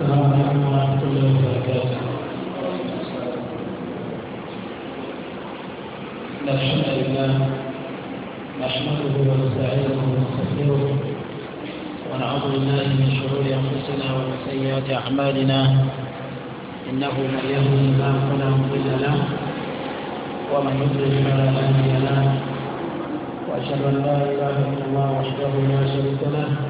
السلام عليكم ورحمة الله وبركاته الحمد لله نحمده ونستعينه ونستغفره ونعوذ بالله من شرور أنفسنا ومن سيئات أعمالنا إنه من يهدي الله فلا مضل له ومن يضلل فلا هادي له وأشهد أن لا إله إلا الله وحده لا شريك له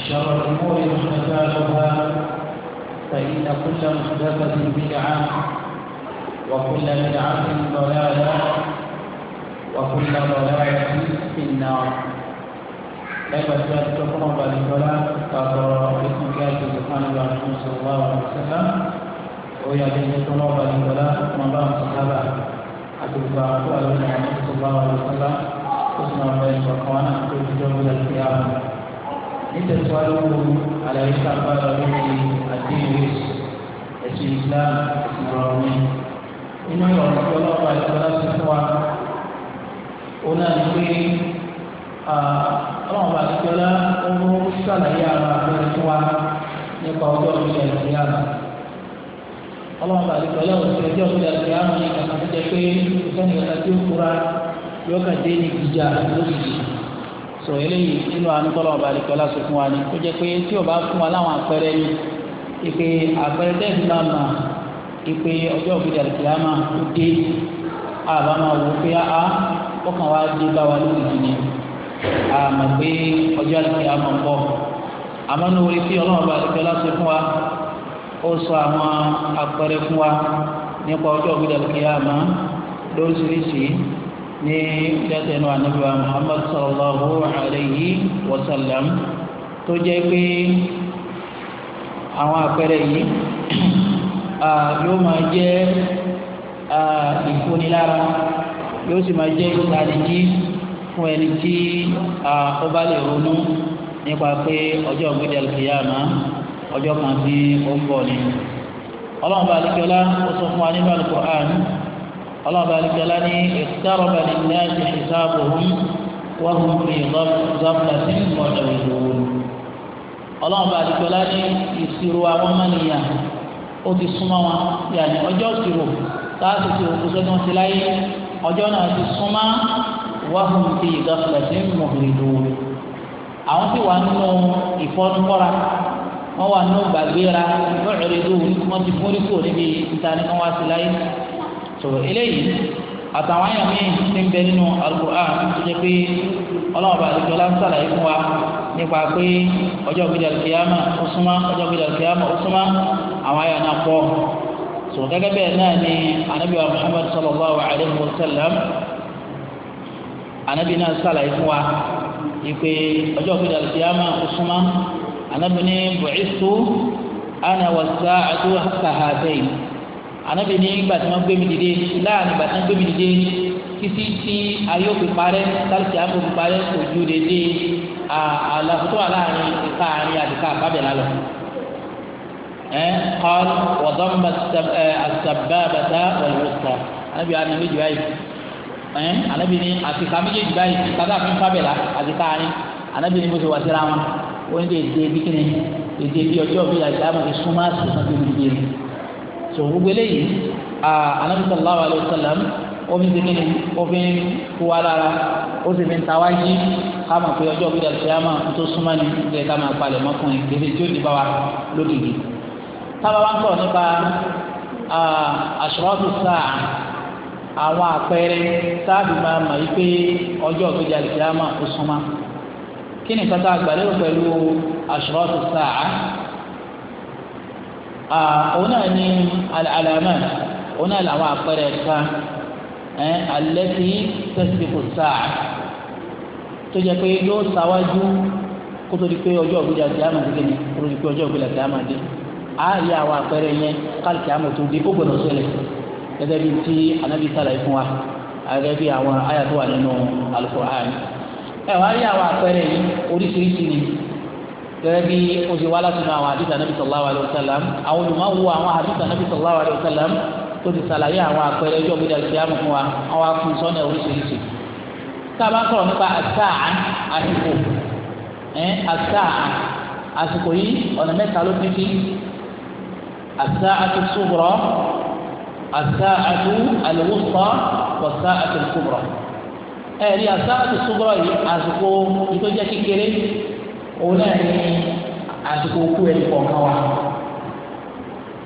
وشر الأمور محدثاتها فإن كل محدثة بدعة وكل بدعة ضلالة وكل ضلالة في النار لما تذكرون بعد الصلاة تقرأ بسم كاتب سبحانه وتعالى صلى الله عليه وسلم ويا بني الصلاة بعد الصلاة ما بعد حتى أتوقع أقوال النبي صلى الله عليه وسلم أسمع بين سبحانه أقول في يوم nítẹ̀síwájú àlàyé sábà lórí àdéhùn ẹ̀sìn Islam ìmọ̀ràn mi. inú ìrọ̀lẹ́ tí ọlọ́pàá ìjọba ti fún wa ó náà ní pé ọlọ́run bá ìjọba ó mú sàlàyé àwọn àpẹẹrẹ fún wa nípa ọjọ́ ìṣẹ̀lẹ̀ ìṣẹ̀lẹ̀ ọlọ́run bá ìjọba ó ti ẹjọ́ ìṣẹ̀lẹ̀ ìṣẹ̀lẹ̀ ìṣẹ̀lẹ̀ pé ìṣẹ̀lẹ̀ ìṣẹ̀lẹ̀ tí ó fura yóò kà dé ní ìjà lójijì sọ eléyìí nínú anúkọ́lọ́ ọba àdìkọ́lá sọ fún wa ni ó jẹ́ pé tí ọba fún wa láwọn àpẹẹrẹ ni ìpè àpẹẹrẹ tẹ́sí máa mà ìpè ọjọ́ òbí dàdìkìlá máa ó dé àbá máa wò ó pé á ọkàn wa dé bá wa lójijì ni àmọ̀ pé ọjọ́ àdìkìlá máa ń bọ̀ àmọ́ ní orí tí ọlọ́run ọba àdìkọ́lá fún wa ó sọ àwọn àpẹẹrẹ fún wa nípa ọjọ́ òbí dàdìkìlá máa lóríṣiríṣi ní látẹnu anabiwa muhammad sallallahu alayhi wa sallam tó jẹ́ pé àwọn àpẹẹrẹ yìí yóò máa jẹ́ ìfúnilára yóò sì máa jẹ́ ìtanijí fún ẹni tí ó bá lè ronú nípa pé ọjọ́ ògbéjà al-qiyama ọjọ́ kan tí ó ń bọ̀ ni. ọlọ́run bá a lè jọlá ó sọ fún wa nínú Al-Qur'an. الله بارك لني اقترب للناس حسابهم وهم في غفلة معرضون الله بارك لني ìṣirò àwọn ọmọnìyàn ó ti súnmọ́ wọn yàní ọjọ́ ìṣirò láti ti òkú sọ́dún ti láyé ọjọ́ náà ti súnmọ́ wahum fi ghaflatin muhridun àwọn tí wà nínú ìfọ́nukọ́ra wọ́n wà nínú gbàgbéra mu'ridun so eléyìí àtàwọn àyàn míì ti ń bẹ nínú Al-Qur'an tó jẹ pé ọlọ́run bá àdìjọ lásàlà yìí fún wa nípa pé ọjọ́ gbèdé àlùkìyàmà ó súnmọ́ ọjọ́ gbèdé àlùkìyàmà ó súnmọ́ àwọn àyàn náà pọ̀ so gẹ́gẹ́ bẹ́ẹ̀ náà ni anabi wa Muhammad sallallahu alayhi wa sallam anabi náà sàlà yìí fún wa ìpè ọjọ́ gbèdé àlùkìyàmà ó súnmọ́ anabi ní bu'istu ana was sa'atu kahatayn anabi ní ìgbà tí wọ́n gbé mi dìde láàrin ìgbà tí wọ́n gbé mi dìde títí tí ayé òfin parẹ́ sálùkì àpò òfin parẹ́ kò ju dédé àlàfótó wà láàrin ìka àárín àdìka àbábẹ̀ lálọ́ ẹ kọ́l wọ́dọ́n àtàbàbàtà wọ̀lúwọ̀sà anabi àná méjì báyìí ẹ anabi ní àtìka méjèèjì báyìí ìkadà fún fábẹ̀ la àdìka àárín anabi ní bó ṣe wà síra wọn wọ́n ní èdè bí kíni èdè bí ọjọ́ bí àti àmọ̀ ìsúnmọ́ àti ìsúnmọ́ so gbogbo eléyìí anabi sallallahu alayhi wa sallam obìnrin ti kíni obìnrin kú wa lára ó sì fi yí ká pé ọjọ́ òbí dàtí àmà tó súnmọ́ ni ilé ká máa palẹ̀ mọ́kùnrin kébé tí ó di bá wa lódìdí. sábà wá ń sọ̀rọ̀ nípa àṣùrọ́tù sáà àwọn àpẹẹrẹ sáàbì máa mọ̀ yí pé ọjọ́ òbí dàtí àmà ó súnmọ́. kí ni kátà àgbàlérò pẹ̀lú àṣùrọ́tù sáà òun náà ní alàmà òun náà làwọn àpẹẹrẹ kan ẹ alẹ́tí tẹ́sífò sáà tó jẹ́ pé yóò sáwájú kótó di pé ọjọ́ ògbìjà ti àmà dé kéde kótó di pé ọjọ́ ògbìjà ti àmà dé á yẹ àwọn àpẹẹrẹ yẹn káàkiri àmà tó di ó gbọdọ̀ ṣẹlẹ̀ gẹ́gẹ́ bí ti anabi sàlàyé fún wa gẹ́gẹ́ bí àwọn àyà tó wà nínú Al-Qur'an ẹ wá rí àwọn ni gẹ́gẹ́ bí o ṣe wá láti nu àwọn àdìsá nàbì sallallahu alaihi wasallam àwọn olùmọ̀wò àwọn àdìsá nàbì sallallahu alaihi wasallam tó ti sàlàyé àwọn àpẹẹrẹ ẹjọ́ gbé dàgbé àmì fún wa àwọn akun sọ́nà oríṣiríṣi tá sọ̀rọ̀ nípa àtàà àsìkò ẹ̀ àtàà àsìkò yìí ọ̀nà mẹ́ta ló pín sí àtààtù sughra àtààtù al-wusta wàtààtù kubra ẹ̀rí àtààtù sughra yìí àsìkò yìí tó jẹ́ kékeré òun náà ní àsìkò kú ẹni kọ̀ọ̀kan wa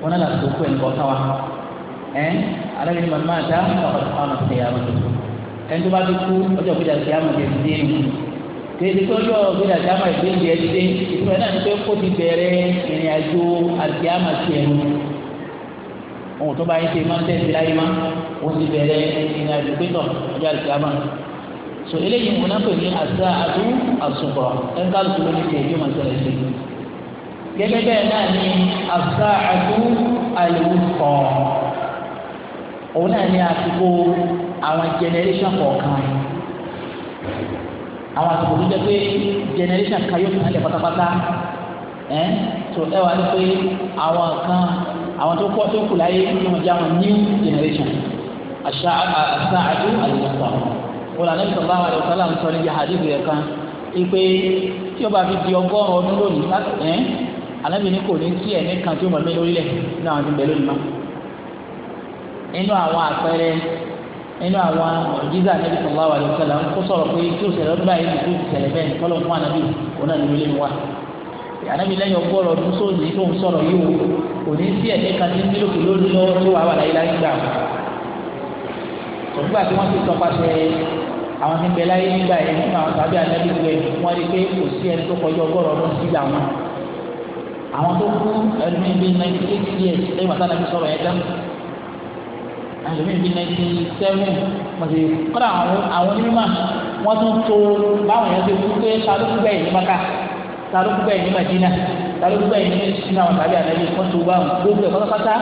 òun náà làsìkò kú ẹni kọ̀ọ̀kan wa ẹ alábi ni màmá àdá ọ̀pọ̀lọpọ̀ ọ̀nà ṣe yàrá tó ẹni tó bá ti kú ọjọ́ òkúta ṣe àmọ̀ ṣe ti dé nù kéde tó ọjọ́ òkúta ṣe àmọ̀ ìdí ìdí ẹni dé ìtura náà ni pé kó ti bẹ̀rẹ̀ ìrìn àjò àti àmọ̀ ṣe ẹ̀rù ohun tó bá yẹ ṣe máa ń tẹ̀sí láyé má ó ti bẹ̀rẹ̀ ìrìn àjò pé tọ̀ ọjọ́ àti àmọ̀ so eléyìí wọn náà pè ní àṣà àdú àsùnkọ ẹnìkan ló ló ní tiẹ̀ yóò máa ṣẹlẹ̀ sí i gẹ́gẹ́ bẹ́ẹ̀ náà ní àṣà àdú àlùkọ òun náà ní àsìkò àwọn generation kọ̀ọ̀kan àwọn àsìkò tó jẹ́ pé generation kan yóò kàn lẹ̀ pátápátá ẹ so ẹ wà ní pé àwọn kan àwọn tó kọ́ tó kù láyé ní wọn jẹ́ àwọn new generation àṣà àdú àlùkọ wọn lànà ìsọ̀ bá wà lọ sálà ń sọ níbi àdìbò yẹn kan ipe tí o bá fi di ọgọ́rùn ọdún lónìí ẹ́ alábì ní kò ní sí ẹ̀ ní kan tí o mọ̀ mí lórílẹ̀ nínú àwọn ìbẹ̀ lónìí mọ́ nínú àwọn àpẹẹrẹ nínú àwọn ọ̀jíza níbi sọ̀rọ̀ wà lọ sálà ń kó sọ̀rọ̀ pé tí o ṣẹlẹ̀ ọdún báyìí tó ti ṣẹlẹ̀ bẹ́ẹ̀ tọ́lọ̀ fún anábì òun náà ní wọlé mi wá anábì lẹ́yìn ọgọ́rùn ọdún sóòdì tó ń sọ̀rọ̀ yìí o kò ní sí ẹ̀ ní kan tí ń ògbà tí wọ́n ti tọpasẹ̀ àwọn tí ń bẹ láyé nígbà yẹn nínú àwọn tàbí ànábì gbẹ wọ́n rí pé kò sí ẹni tó kọjá ọgọ́rọ̀ ọdún sígbà wọn àwọn tó kú ẹni bíi ninety eight years lẹ́yìn wàtá nàbí sọ̀rọ̀ ẹ̀ dẹ́mu àlùmíì bíi ninety seven pàṣẹ kọ́dà àwọn onímọ̀ wọ́n tún tó báwọn yẹn ti kú pé sàlùkù bẹ́ẹ̀ ní maka sàlùkù bẹ́ẹ̀ ní madina sàlùkù bẹ́ẹ̀ ní sinna tàbí ànábì wọ́n tó báwọn gbogbo ẹ̀ pátápátá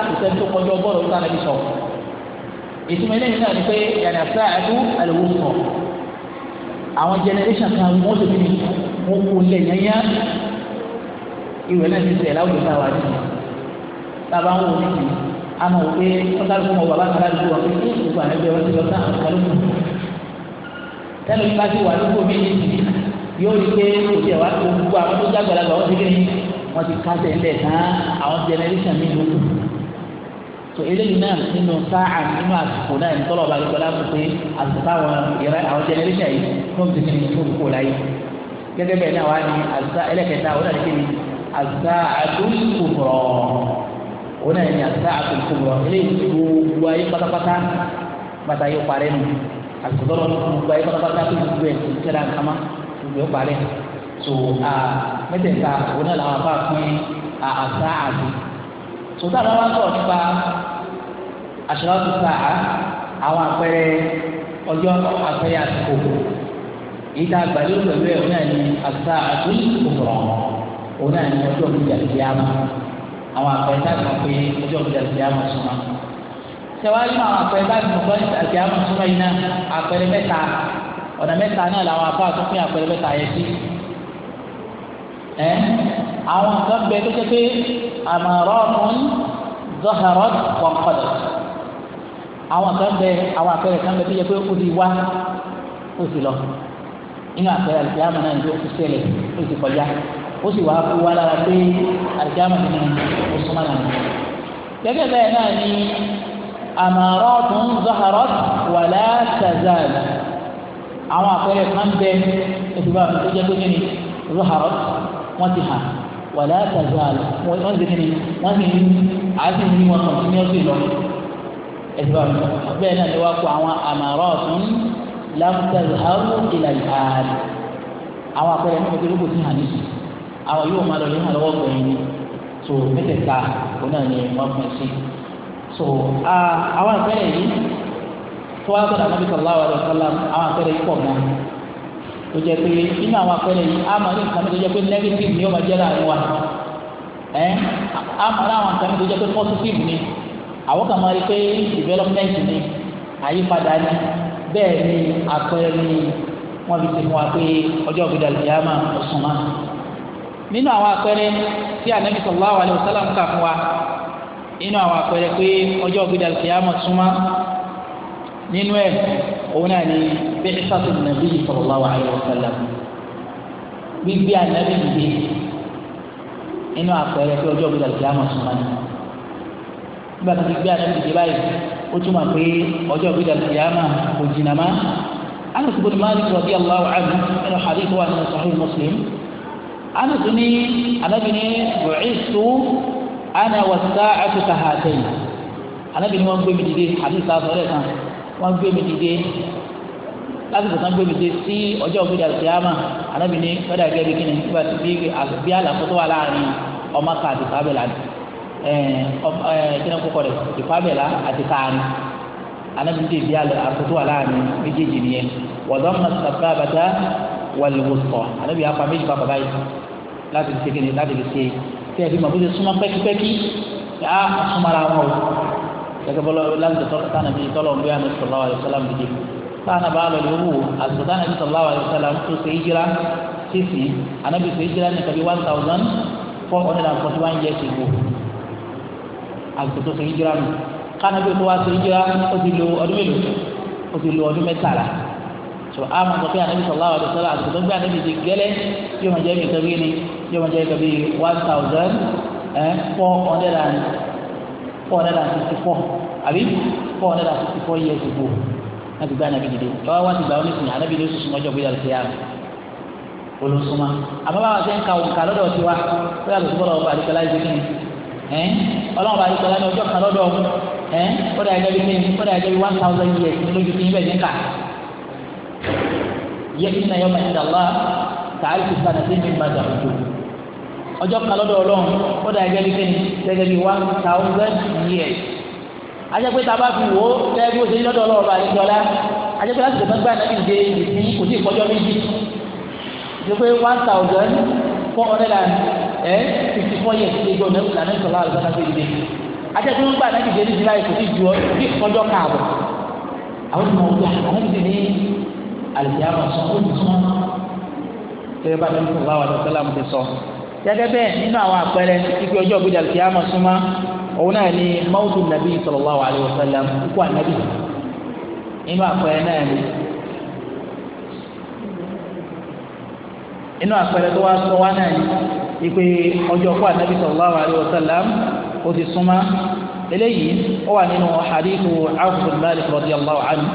ìtumọ̀ eléyìí náà ni pé yàrá sáàdù àlùwòsàn àwọn generation kan wọ́n tó ní wọ́n kó lẹ̀ yányá ìwé náà ti sẹ̀ láwùjọ náà wà ní bàbá ń wò níbi àmọ́ wò pé wọ́n ká ló fún ọ bàbá kan láti wọ́n pé kí gbogbo àná wọn ti lọ sáà ká ló fún un tẹ́lẹ̀ nípa wà lóko mi níbi yóò rí pé kò tiẹ̀ wá gbogbo àwọn tó jágbàlagbà wọ́n ti kí ni ti kásẹ̀ ńlẹ̀ tán àwọn generation mi lóko tó eléyìí náà nínú sáà nínú àsìkò náà ní tọ́lọ̀ balùwẹ̀ láti pé àsìkò àwọn ìrẹ́ àwọn jẹnẹrẹ́ṣẹ̀ yìí fún ti fi fún kò láyé gẹ́gẹ́ bẹ́ẹ̀ náà wá ní àsìkò ẹlẹ́kẹta ó náà ní kébi àsìkò àdúgbò ó náà ní àsìkò àdúgbò eléyìí gbogbo ayé pátápátá bàtà yóò parẹ́ nù àsìkò tọ́lọ̀ gbogbo ayé pátápátá so mẹ́tẹ̀ẹ̀ta ó náà làwọn afáàfin àṣà àdúgbò sọ̀tà bá wá sọ̀rọ̀ nípa àṣàlọ́tù sáà àwọn àpẹẹrẹ ọjọ́ àpẹẹrẹ àsìkò yìí tá a gbà lérò pẹ̀lú ẹ̀ ọ̀nà ni àṣà àtúnyí òkùrọ̀ ọ̀nà ni ọjọ́ ìjà ti á mọ́ àwọn àpẹẹrẹ tá a gbà pé ọjọ́ ìjà ti á mọ́ súnmọ́ tẹwàájú àwọn àpẹẹrẹ tá a gbà pé àti á mọ́ súnmọ́ yìí náà àpẹẹrẹ mẹ́ta ọ̀nà mẹ́ta náà làwọn àpá àtúnfin àpẹẹrẹ mẹ́ta yẹ sí ẹ́ àwọn nǹkan bẹ tó jẹ́ pé àmàrọ́ọ̀tún zọ́hárọ́t wọ̀nkọ́dọ̀ àwọn nǹkan bẹ àwọn àpẹẹrẹ kan bẹ tó jẹ́ pé ó ti wá ó sì lọ inú àpẹẹrẹ àlùkìyàmù náà ló ti ṣẹlẹ̀ ó sì kọjá ó sì wá fún lára pé àlùkìyàmù ni ó súnmọ́ náà gẹ́gẹ́ bẹ́ẹ̀ náà ni àmàrọ́ọ̀tún zọ́hárọ́t wàlá tàzáàlì àwọn àpẹẹrẹ kan bẹ ètò ìbámu tó jẹ́ pé nínú zọ́hárọ́t wọ́n ti hàn wàlẹ́ àtàzà àlọ́ wọ́n ti kíni wọ́n ti ní àti ní wọn kàn ní ọ̀sẹ̀ lọ. ẹ̀sìn báwọn bẹ́ẹ̀ náà ni wọ́n kó àwọn àmàrà ọ̀tún láfùtàzà àrùn ìlà ìhàlì àwọn àpẹẹrẹ ní ọjọ́ ìlúkò sí hàní àwọn yóò máa lọ ní àlọ́wọ́ gbẹ̀yìn ni tó mẹ́tẹ̀ẹ̀ta kó náà ni wọ́n fún ẹ sí. so àwọn àpẹẹrẹ yìí tó wá sọ̀rọ̀ o jẹ́ pé nínú àwọn àpẹẹrẹ yìí a máa ní nǹkan tó jẹ́ pé negative ni ó máa jẹ́ láàrin wa ẹ a máa ní àwọn nǹkan tó jẹ́ pé positive ni àwọn kan máa rí pé development ni àyípadà ni bẹ́ẹ̀ ni àpẹẹrẹ ni wọ́n fi ti fún wa pé ọjọ́ òkúta ìyáàmà ọ̀sùn máa. nínú àwọn àpẹẹrẹ tí anabi sallallahu alaihi wasallam kà fún wa nínú àwọn àpẹẹrẹ pé ọjọ́ òkúta ìyáàmà ọ̀sùn máa nínú ẹ̀ òun náà ni bi'satu nàbí sallallahu alaihi wasallam gbígbé ànábì gbé nínú àpẹẹrẹ pé ọjọ́ gbọdọ̀ kí á mọ̀ súnmọ́ ni nígbà tó ti gbé ànábì gbé báyìí ó túmọ̀ pé ọjọ́ gbọdọ̀ kí á mọ̀ kò jìnnà má Anas bin Malik radiyallahu anhu nínú hadith wa nínú Sahih Muslim Anas ní ànábì ní bu'ithu ana was sa'atu kahatayn ànábì ní wọ́n gbé mi dìde hadith sá wọ́n gbé mi dìde lásìkò tán gbé mi dìde sí ọjọ́ ògbéjà kìámà anábì ní fẹ́dà gẹ́gẹ́ bí kíni nígbà tí bí àlàfo tó wà láàrin ọmọ ká àti kábẹ̀lá kíni kókó rẹ̀ ìfábẹ̀lá àti káàrin anábì ní bí àlàfo tó wà láàrin méjèèjì nìyẹn wọ̀dọ́ mọ̀tàkà bàtà wàlúwòsàn anábì apá méjì pàpà báyìí láti fi ṣe kíni láti fi ṣe tẹ́ẹ̀bí mọ̀ bó ṣe súnmọ́ pẹ́kípẹ́kí gẹ́gẹ́ bọ́lá láti tọ́ka sáà nàbí tọ́lọ̀ ń bóyá nàbí sallallahu alaihi wasallam dìde sáà nàbà lọ lè wù àti sáà nàbí sallallahu alaihi wasallam tó ṣe hijira sísì ànábì ṣe hijira ní kàbí one thousand four hundred and forty one years ago àti tó ṣe hijira nù kánábì tó wá ṣe hijira ó ti lo ọdún mélòó ó ti lo ọdún mẹ́tàlá so àmọ́ sọ pé ànábì sallallahu alaihi wasallam àti tó gbé ànábì ti gẹ́lẹ́ yóò máa jẹ́ mi kàbí ni yóò máa jẹ́ kàbí one thousand eh, four hundred and four hundred and sixty four àbí four hundred and sixty four years ago náà ti gbá anabi dìde lọ́wọ́ wá ti gbà ó nísìnyí anabi ló sùsùn ọjọ́ gbéra lọ́sẹ̀ yára olùsùnmá àmọ́ báwa ṣe ń ka òǹkà lọ́dọ̀ tiwa ó yàtọ̀ sí bọ́lá ọba àdìgbàlá ìdí kìíní ẹ̀ ọlọ́run ọba àdìgbàlá ní ọjọ́ kan lọ́dọ̀ ẹ̀ ó dà ẹgbẹ́ bíi kìíní ó dà one thousand years ní lójú kìíní bẹ́ẹ̀ ní kà yẹ kí ní ayọ́mọ̀ ìdàlá tààlù ti sànà mi má dàrú tó ọjọ́ kan lọ́dọ̀ ọlọ́run ó dà gẹ́gẹ́ bí kẹ́ni gẹ́gẹ́ bí one thousand years ajẹ́pẹ́ tá a bá fi wò ó gẹ́gẹ́ bí ó ṣe lọ́dọ̀ ọlọ́run bá yẹn lọ́la ajẹ́pẹ́ láti tẹ̀mẹ́gbà nàbí ìdè ìsìn kò sí ìkọjọ́ méjì ìdókòwé one thousand four hundred and fifty four years ṣe gbọ́dọ̀ nẹ́kùn lànà ìsọ̀lá àlùbọ́dà tó ìdè ajẹ́pẹ́ ńgbà nàbí ìdè ní july kò sí ju ìkọjọ́ káàbọ̀ àwọn ìmọ̀ ọ̀gá àwọn ìdè ní àlùjáàmọ̀ sọ ó ti sọ gẹ́gẹ́ bẹ́ẹ̀ nínú àwọn àpẹẹrẹ ikú ọjọ́ ògbéjà kí a máa súnmọ́ òun náà ni mawudu nabi sallallahu alayhi wa sallam ikú anabi nínú àpẹẹrẹ náà ni inú àpẹẹrẹ tó wá sọ wá náà ni ipe ọjọ́ òkú anabi sallallahu alayhi wa sallam ó ti súnmọ́ eléyìí ó wà nínú hadithu Awf bin Malik radiyallahu anhu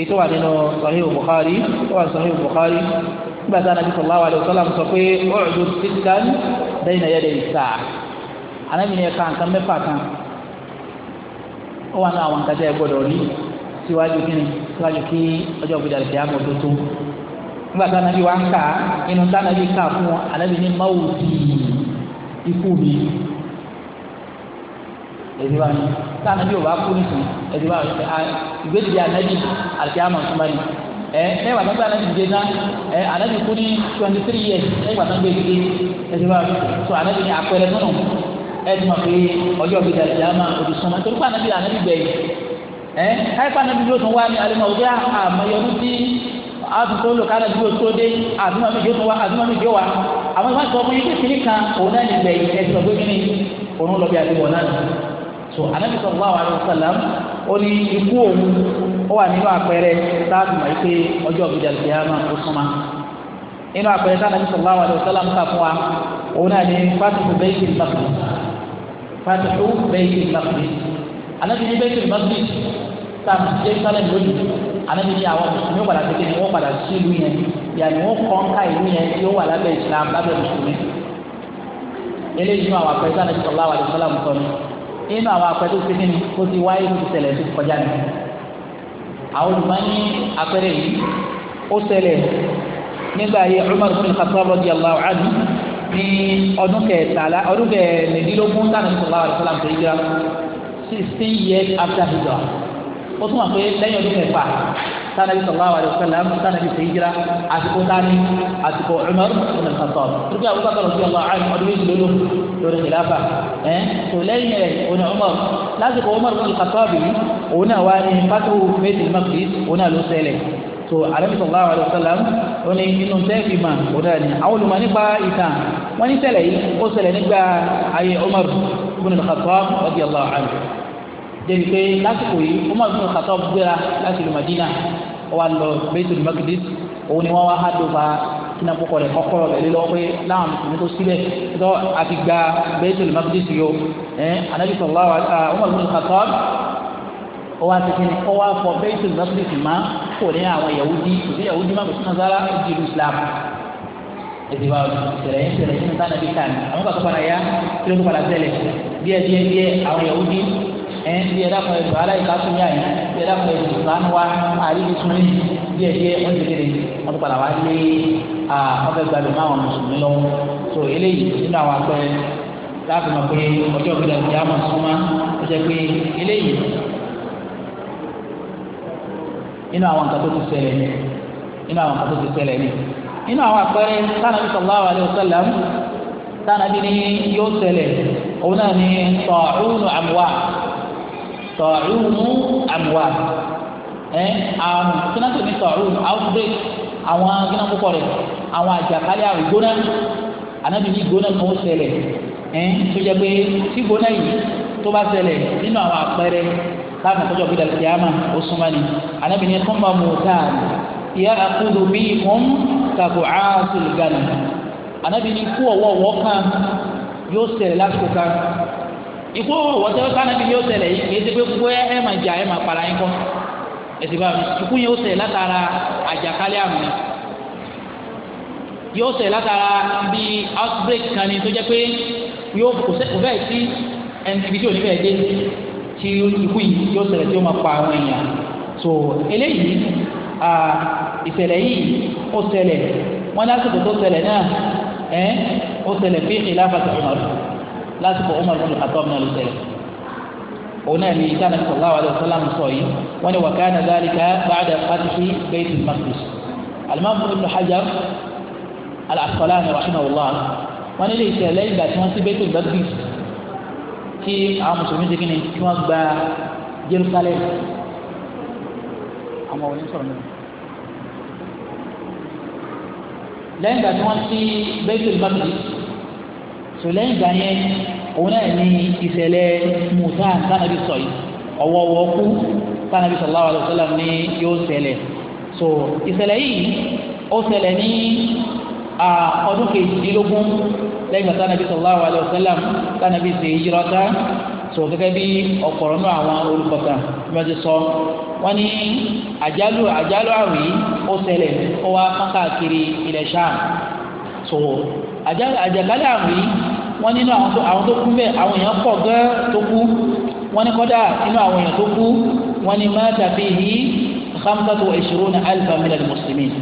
èyí wà nínú Sahih Bukhari tó wà Sahih Bukhari nígbà tí anabi sallallahu alaihi wasallam sọ pé ọ̀dùn títàn lẹ́yìn ẹ̀yẹ́dẹ̀ ìta anabi ni ẹ̀ka nǹkan mẹ́fà kan ó wà ní àwọn nǹkan tẹ́ ẹ gbọ́dọ̀ rí síwájú kí ni síwájú kí ọjọ́ òbí dàrẹ́ kìá mọ́tò tó nígbà tí anabi wá ń kà inú tí anabi kà fún wọn anabi ni máwù di ikú mi èdè wa ni tí anabi ò bá kú nìkan èdè wa ìgbésí anabi àti àmọ̀ súnmọ́ ni ẹ eh, mẹ́wàá tó gbé anabi dìde náà ẹ anabi kú ní twenty three years mẹ́wàá tó gbé dìde ẹ ti bá so anabi ní apẹ̀rẹ̀ nínú ẹ ti mọ̀ pé ọjọ́ bíi dàdí àmà òdì sọmọ torí pé anabi anabi gbẹ̀yìn anabi eh, alẹ́ mọ̀ wípé àmọ̀yọ́nù ah, ah, tí àtúntò lò anabi yóò tún wá àbímọ̀ mi yóò wá àwọn ìwà sọ fún yín kékeré kan òun náà ní gbẹ̀yìn ẹ ti mọ̀ pé kí ni òun lọ bí àdìbò náà so anabi sọ wá wà lọ́sàlám ó ní ikú òun ó wà nínú àpẹẹrẹ táàbù mọ̀ pé ọjọ́ òbí dàbí àmà ó súnmọ́ nínú àpẹẹrẹ táàbù nàbí sallallahu alaihi wasallam kà fún wa òun náà ní fatihu baitul maqdis fatihu baitul maqdis anabi ní baitul maqdis táàbù Jerusalem lónìí anabi ní àwọn mùsùlùmí ó padà tètè ní wọ́n padà sí ìlú yẹn yàtọ̀ wọ́n kọ́ ń ká ìlú yẹn tí ó wà lábẹ́ ìsìlámù lábẹ́ mùsùlùmí eléyìí ní àwọn àpẹẹrẹ táàbù nàbí sallallahu alaihi wasallam kọ́ ni nínú àwọn apẹtẹ tó ti ní tó ti wáyé tó ti ṣẹlẹ̀ tó ti kọjá ní. àwọn olùmọ̀ ní apẹrẹ yìí ó ṣẹlẹ̀ nígbà yẹ Umar ibn al-Khattab radiyallahu anhu ní ọdún kẹtàlá ọdún kẹrìndínlógún tánà sallallahu alaihi wasallam tó yíra sixteen years after hijrah ó tún wà pé lẹ́yìn ọdún mẹ́fà sanabi sallallahu alayhi wa sallam sanabi sèyíra àsìkò tani àsìkò Umar ibn al-Khattab turkey abubakar rabi allah ayi ọdún méjì lólo lórí khilafa ẹ tó lẹ́yìn rẹ̀ òní Umar lásìkò Umar ibn al-Khattab bi òun náà wá ní fatu méjì makris òun náà ló ṣẹlẹ̀ tó alayhi sallallahu alayhi wa sallam ó ní inú tẹ́ẹ̀fì mà òun náà ní àwọn olùmọ̀ nípa ìtàn wọ́n ní ṣẹlẹ̀ yìí ó ṣẹlẹ̀ nígbà ayé Umar ibn al-Khattab rabi allah ayi débi pé lásìkò yìí Umar bin Khattab gbéra láti ìlú Madina ó wá lọ Baitul Maqdis òun ni wọ́n wá hádùfà iná púpọ̀ rẹ̀ kọ́kọ́rọ̀ rẹ̀ lélọ́wọ́ pé láwọn mùsùlùmí tó síbẹ̀ tó àti gba Baitul Maqdis yó ẹ̀ anabi sallallahu Umar bin Khattab ó wá ti kíni ó wá fọ Baitul Maqdis má kò ní àwọn Yahudi òbí Yahudi má kò sí Nàzárà ìjìlú Islam ìdìbò ìṣẹ̀lẹ̀ ìṣẹ̀lẹ̀ ìṣẹ̀lẹ̀ ìṣẹ̀lẹ̀ àwọn kàtó padà yá kí ló tó padà ṣẹlẹ̀ díẹ̀ díẹ̀ díẹ̀ àwọn Yahudi ẹ bí ẹ dákun ẹ bàálà ìka tún yá yìí bí ẹ dákun ẹ tó sànù wa àríbi tún ní bí ẹ bí ẹ wọn ti kéde wọn tó padà wá lé wọn fẹẹ gbàdúrà máa wọn mùsùlùmí lọ tó eléyìí nínú àwọn àpẹẹrẹ láti mọ̀ pé ọjọ́ ìgbìlẹ̀ ìjà máa súnmọ́ ó pé eléyìí inú àwọn nǹkan ti ṣẹlẹ̀ ni inú àwọn nǹkan ti ṣẹlẹ̀ ni inú àwọn àpẹẹrẹ sanabi sallallahu alayhi wa sallam sanabi ni yóò ṣẹlẹ̀ òun náà ni ta'unu tọ̀ọ̀rùmù àmùwà ẹ àrùn kínáàtì ní tọ̀ọ̀rùmù outbreak àwọn kínáà púpọ̀ rẹ̀ àwọn àjàkálẹ̀ àrùn gbóná ànábì ní gbóná kan ó ṣẹlẹ̀ ẹ tó jẹ́ pé tí gbóná yìí tó bá ṣẹlẹ̀ nínú àwọn àpẹẹrẹ káàmù tọ́jọ́ bí dàtí àmà ó súnmọ́ ni ànábì ní kọ́mbà mọ̀ọ́tàn ìyá àkúdù bíi fún kàkó àásùlù gánà ànábì ní kú ọ̀wọ́ ọ̀wọ́ kan yóò ṣẹlẹ̀ lásìkò kan ikú wọ́tẹ́ sanabi yóò ṣẹlẹ̀ yìí kì í ṣe pé gbogbo ẹ máa jà ẹ máa para yín kọ́ ẹ̀sìn bá mi ikú yóò ṣẹlẹ̀ látara àjàkálẹ̀ àrùn ni yóò ṣẹlẹ̀ látara bí outbreak kan ni tó jẹ́ pé yóò kò bẹ́ẹ̀ sí ẹnìtìbí tí ò ní bẹ́ẹ̀ dé tí ikú yìí yóò ṣẹlẹ̀ tí ó máa pa àwọn èèyàn so eléyìí ìṣẹ̀lẹ̀ yìí ó ṣẹlẹ̀ wọ́n lásìkò tó ṣẹlẹ̀ náà ẹ̀ ó ṣẹlẹ̀ fi khilafati lásìkò Umar bin Khattab náà ló tẹ̀lé òun náà ní ìtàn àti sallallahu alaihi wasallam sọ yìí wọ́n ní wa kana dhalika ba'da fathi Baytul Maqdis al-Imam Ibn Hajar al-Asqalani rahimahullah wọ́n ní lè tẹ̀lé ìgbà tí wọ́n sí Baytul Maqdis tí àwọn mùsùlùmí ti kíni tí wọ́n gba Jerusalem àwọn òní sọ̀rọ̀ náà lẹ́yìn ìgbà tí wọ́n sí Baytul Maqdis tó lẹ́yìn ìgbà yẹn òun náà ní ìṣẹ̀lẹ̀ musa sanabi sọ yìí ọ̀wọ́wọ́ kú sanabi sallallahu alaihi wasallam ní yóò ṣẹlẹ̀ so ìṣẹ̀lẹ̀ yìí ó ṣẹlẹ̀ ní ọdún kejìdínlógún lẹ́yìn ìgbà sanabi sallallahu alaihi wasallam sanabi ṣe yíyírọ́ta so gẹ́gẹ́ bí ọ̀pọ̀rọ̀ náà àwọn olùkọ́ta bí sọ wọ́n ní àjálù àjálù àwìn ó ṣẹlẹ̀ ó wá fún káàkiri ilẹ̀ sáà so àjálù àjàkálẹ̀ àwìn wọ́n nínú àwọn tó kú bẹ́ẹ̀ àwọn èèyàn pọ̀ gán tó kú wọ́n ní kọ́dà nínú àwọn èèyàn tó kú wọ́n ní má dàbí yìí khamsatu wa ishirun alfa min al muslimin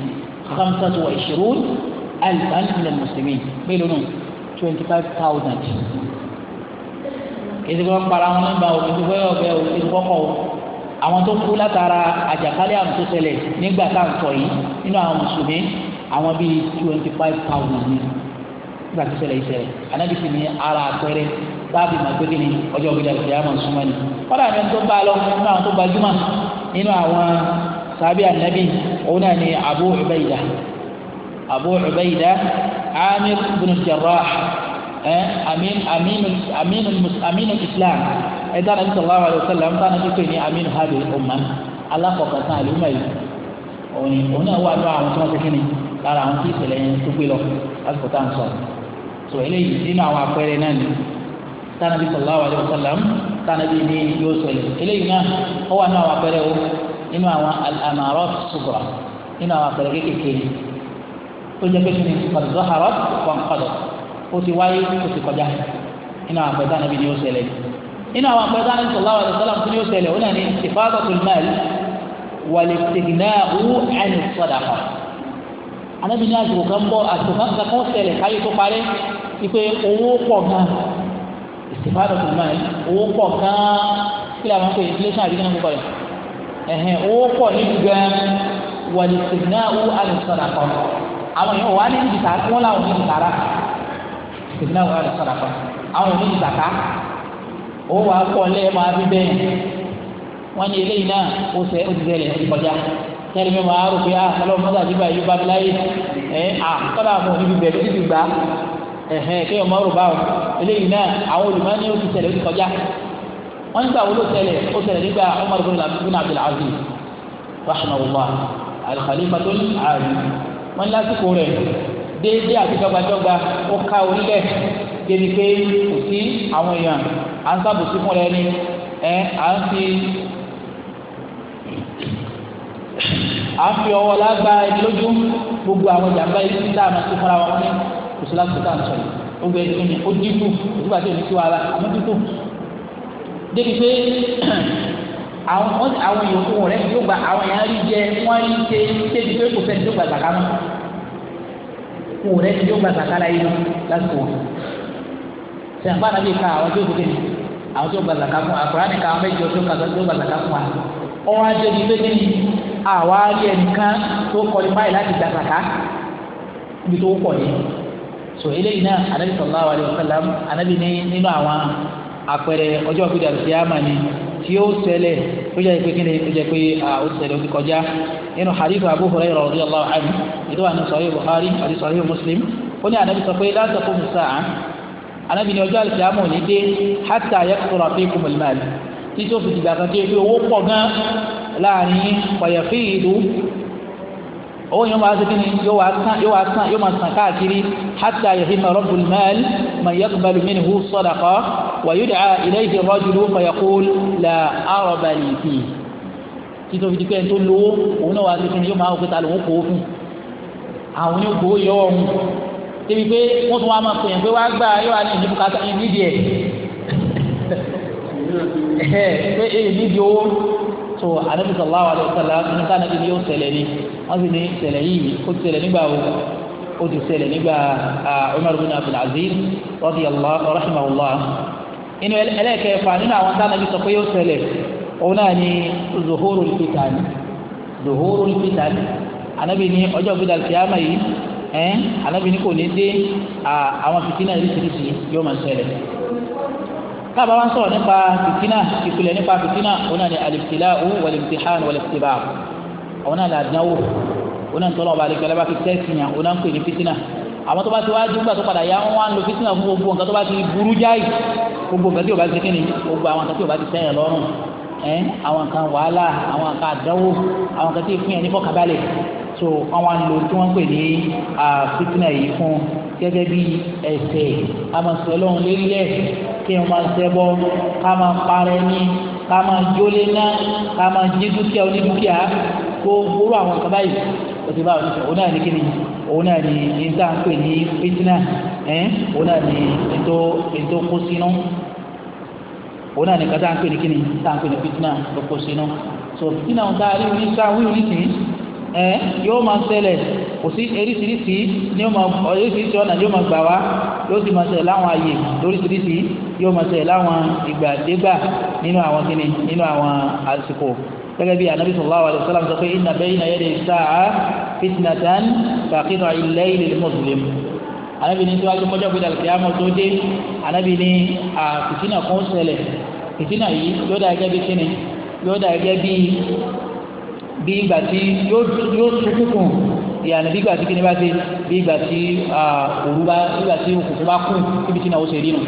khamsatu wa ishirun alfa min al muslimin mélòó nù twenty five thousand ìdìbò kpara wọn nígbà wo ìdìbò yọ ọbẹ wo ìdìbò kọ wo àwọn tó kú látara àjàkálẹ̀ àrùn tó ṣẹlẹ̀ nígbà tá ń sọ yìí nínú àwọn mùsùlùmí àwọn bíi twenty five thousand nígbà tí ṣẹlẹ̀ ìṣẹ̀lẹ̀ anabi sì ní ara àpẹẹrẹ báàbí màgbégi ni ọjọ́ ògbéjà lè yàmà súnmọ́ ni kọ́dà ní tó bá lọ nínú àwọn tó gbajúmọ̀ nínú àwọn sàbí anabi òun náà ni abu ubaida abu ubaida amir bin jarrah ẹ amin aminu aminu aminu islam ẹ dáná ní sallallahu alayhi wa sallam táwọn ti pè ní aminu hadi umma alákọ̀ọ́kọ̀tàn àlùmọ̀ yìí òun náà àwọn tí wọ́n ti lára àwọn tí ìṣẹ̀lẹ̀ yẹn tó gbé lọ lásìkò táwọn sọ̀rọ̀ sọ eléyìí nínú àwọn àpẹẹrẹ náà ni tánàbí sallallahu alayhi wa sallam tánàbí ní yóò sọlẹ̀ eléyìí náà ó wà nínú àwọn àpẹẹrẹ o nínú àwọn àmàrọ̀ sùgbọ̀rọ̀ nínú àwọn àpẹẹrẹ kékeré tó jẹ́ pé kíni kọ̀dọ̀ àrọ̀ kọ̀ǹkọ̀dọ̀ ó ti wáyé ó ti kọjá nínú àwọn àpẹẹrẹ tánàbí ní yóò sọlẹ̀ nínú àwọn àpẹẹrẹ tánàbí sallallahu alayhi wa tó ní yóò sọlẹ̀ ó náà ní ìfáàtọ̀ tó anabi ní àsìkò kan bọ̀ àsìkò kan kan kan ṣẹlẹ̀ káyé tó parẹ́ ipe owó pọ̀ gan ìsìnbáàdọ̀ tó máa owó pọ̀ gan kí la máa ń pè inflation àbí kí náà kó kọ́ rẹ̀ ẹ̀hẹ̀n owó pọ̀ níbi gan wọ̀lì sìnà owó àlùsọ̀rọ̀ kan àwọn èèyàn wà ní ìdìtà wọn làwọn ní ìdìtà rà sìnà owó àlùsọ̀rọ̀ kan àwọn èèyàn ní ìdìtà ká owó wà pọ̀ lẹ́ẹ̀ máa fi bẹ́ẹ̀ wọ́n ní eléyìí náà ó sẹ́ kẹ́lí mi máa rò pé a ah, ọlọ́run mọ́tà bíbá ìlú bá mi láyé ẹ̀ à ah, kọ́dà mo níbi bẹ̀rẹ̀ níbi gbà ẹ̀hẹ́n kéèyàn máa rò báwọn eléyìí náà àwọn olùmọ́ni ó ti ṣẹlẹ̀ ó ti kọjá wọ́n nígbà wo ló ṣẹlẹ̀ ó ṣẹlẹ̀ nígbà Umar bin Abdul Aziz rahmanullah al-khalifatul aali wọ́n ní lásìkò rẹ̀ déédéé àti dọ́gbadọ́gba ó ká onílẹ̀ débi kò sí àwọn èèyàn à ń sábòsí fún rẹ ni ẹ à ń fi A ń fi ọwọ́ lágbá ẹni lójú gbogbo àwọn ìjàmbá yìí tí dáàmú sí fúnra wọn ní kùsùlá tó dáàmú sọ̀rọ̀ gbogbo ẹni tó ní ó dínkù òtúbà tó ní sí wàhálà àmọ́ dínkù. débi pé àwọn àwọn yòókù rẹ yóò gba àwọn èèyàn rí jẹ wọn rí jẹ débi pé kò sẹ́ni tó gba gbàgbà mọ́ kò rẹ ti yóò gba gbàgbà láyé lọ lásìkò wọn. sẹ́yìn bá nàbí ká àwọn tó gbé àwọn tó gba gbàgbà fún àkùrá nìkan àwọn méjì tó gba ọwọ́ ajẹ́bi pé kí ni àwa rí ẹnìkan tó qualify láti gba sàká tó so eléyìí náà anabi sallallahu alayhi wa sallam anabi ní nínú àwọn àpẹẹrẹ ọjọ́ àpèjẹ àti àmà ni tí ó ṣẹlẹ̀ tó jẹ́ pé kíni tó jẹ́ pé ó ṣẹlẹ̀ ó ti kọjá nínú hadith abu muslim ó anabi sọ pé anabi ní ọjọ́ ní dé títí ó fi dìgbà kan tó yẹ pé owó pọ̀ gan láàrin pàyàfì ìlú owó yẹn wàá sẹ́kìnì yóò wá tán yóò wá tán yóò máa tàn káàkiri hàtà yẹ̀hí mọ̀rọ́bù mẹ́l mà yẹ kúbalù mí ni hu sọ̀dàkọ́ wà yóò dàá ilé ìdè rọ́jù ló fàyàkó la àrọ̀bàlì bì títí ó fi dìgbà tó lówó òun náà wàá sẹ́kìnì yóò máa wọ́pẹ́ta lòun kó fún àwọn yóò gbowó yọ̀ọ́ wọn débi pé wọ́n tún wá máa pè ẹ̀hẹ́ pé èyí níbi owó tó anabi sallallahu alayhi wa sallam níta anabi ni yóò ṣẹlẹ̀ ni wọ́n sì ní ṣẹlẹ̀ yìí ó ti ṣẹlẹ̀ nígbà wo ó ti ṣẹlẹ̀ nígbà Umar bin Abdul Aziz radiyallahu rahimahullah inú ẹlẹ́kẹ̀ẹ́fà nínú àwọn tá anabi sọ pé yóò ṣẹlẹ̀ òun náà ni zuhuru fitan zuhuru fitan anabi ni ọjọ́ gbẹdà kìámà yìí ẹ̀ anabi ni kò ní dé àwọn fitinà yìí ti yóò máa ṣẹlẹ̀ káàbá wá ń sọ̀rọ̀ nípa fìtínà ìpìlẹ̀ nípa fìtínà òun náà ni alìfìláwù wàlìmtìhán wàlìfìbà òun náà ni àdánwò òun náà ń tọ́lọ̀ ọba àlejò alábá fi tẹ́sí yàn òun náà ń pè ní fìtínà àwọn tó bá ti wá dúgbà tó padà yá wọn wá ń lo fìtínà fún gbogbo nǹkan tó bá ti burú jáì gbogbo nǹkan tí o bá ti kíni gbogbo àwọn nǹkan tí o bá ti sẹ́yìn lọ́rùn ẹ àwọn nǹkan wàhálà àwọn nǹkan àdánwò àwọn nǹkan tí ì fún yẹn ní fọkàbalẹ̀ so wọn wá tí wọ́n pè ní gẹ́gẹ́ bí ẹ̀ṣẹ̀ amasọlọ́run lérílẹ̀ kí wọ́n máa ṣẹbọ ká máa parẹ́ ní ká máa jólé ná ká máa jí dúkìá onídúkìá kó gbóró àwọn kaba yìí òtí báwọn ní sọ òun náà ní kíni òun náà ní níta ń pè ní fitina ẹ̀ òun náà ní ètò ètò kó sínú òun náà ní kata ń ní kíni tá ń ní fitina tó kó sínú so fitina ń ta rí oníṣà wíwí nìsín ẹ̀ yóò máa ṣẹlẹ̀ kò sí eríṣiríṣi ní ó máa eríṣiríṣi ọ̀nà yóò máa gbà wá yóò sì máa ṣẹlẹ̀ láwọn ààyè lóríṣiríṣi yóò máa ṣẹlẹ̀ láwọn ìgbàdégbà nínú àwọn kíni nínú àwọn àsìkò gẹ́gẹ́ bí anabi sallallahu alayhi wa sallam sọ pé inna bayna yaday sa'a fitnatan fàkínà ilẹ̀ ilẹ̀ mùsùlùmí anabi ní tíwájú mọ́jọ́ gbé dàgbé àmọ́ tó dé anabi ní fìtínà kan ṣẹlẹ̀ fìtínà yìí yóò dà gẹ́gẹ́ bí kíni yóò dà gẹ́gẹ́ bí ìgbà tí yóò sunkún kùn ìyànà bí gbà tí kíni bá ṣe bí gbà tí òru bá bí gbà tí òkùnkùn bá kú níbi tí náà ó ṣe rí nù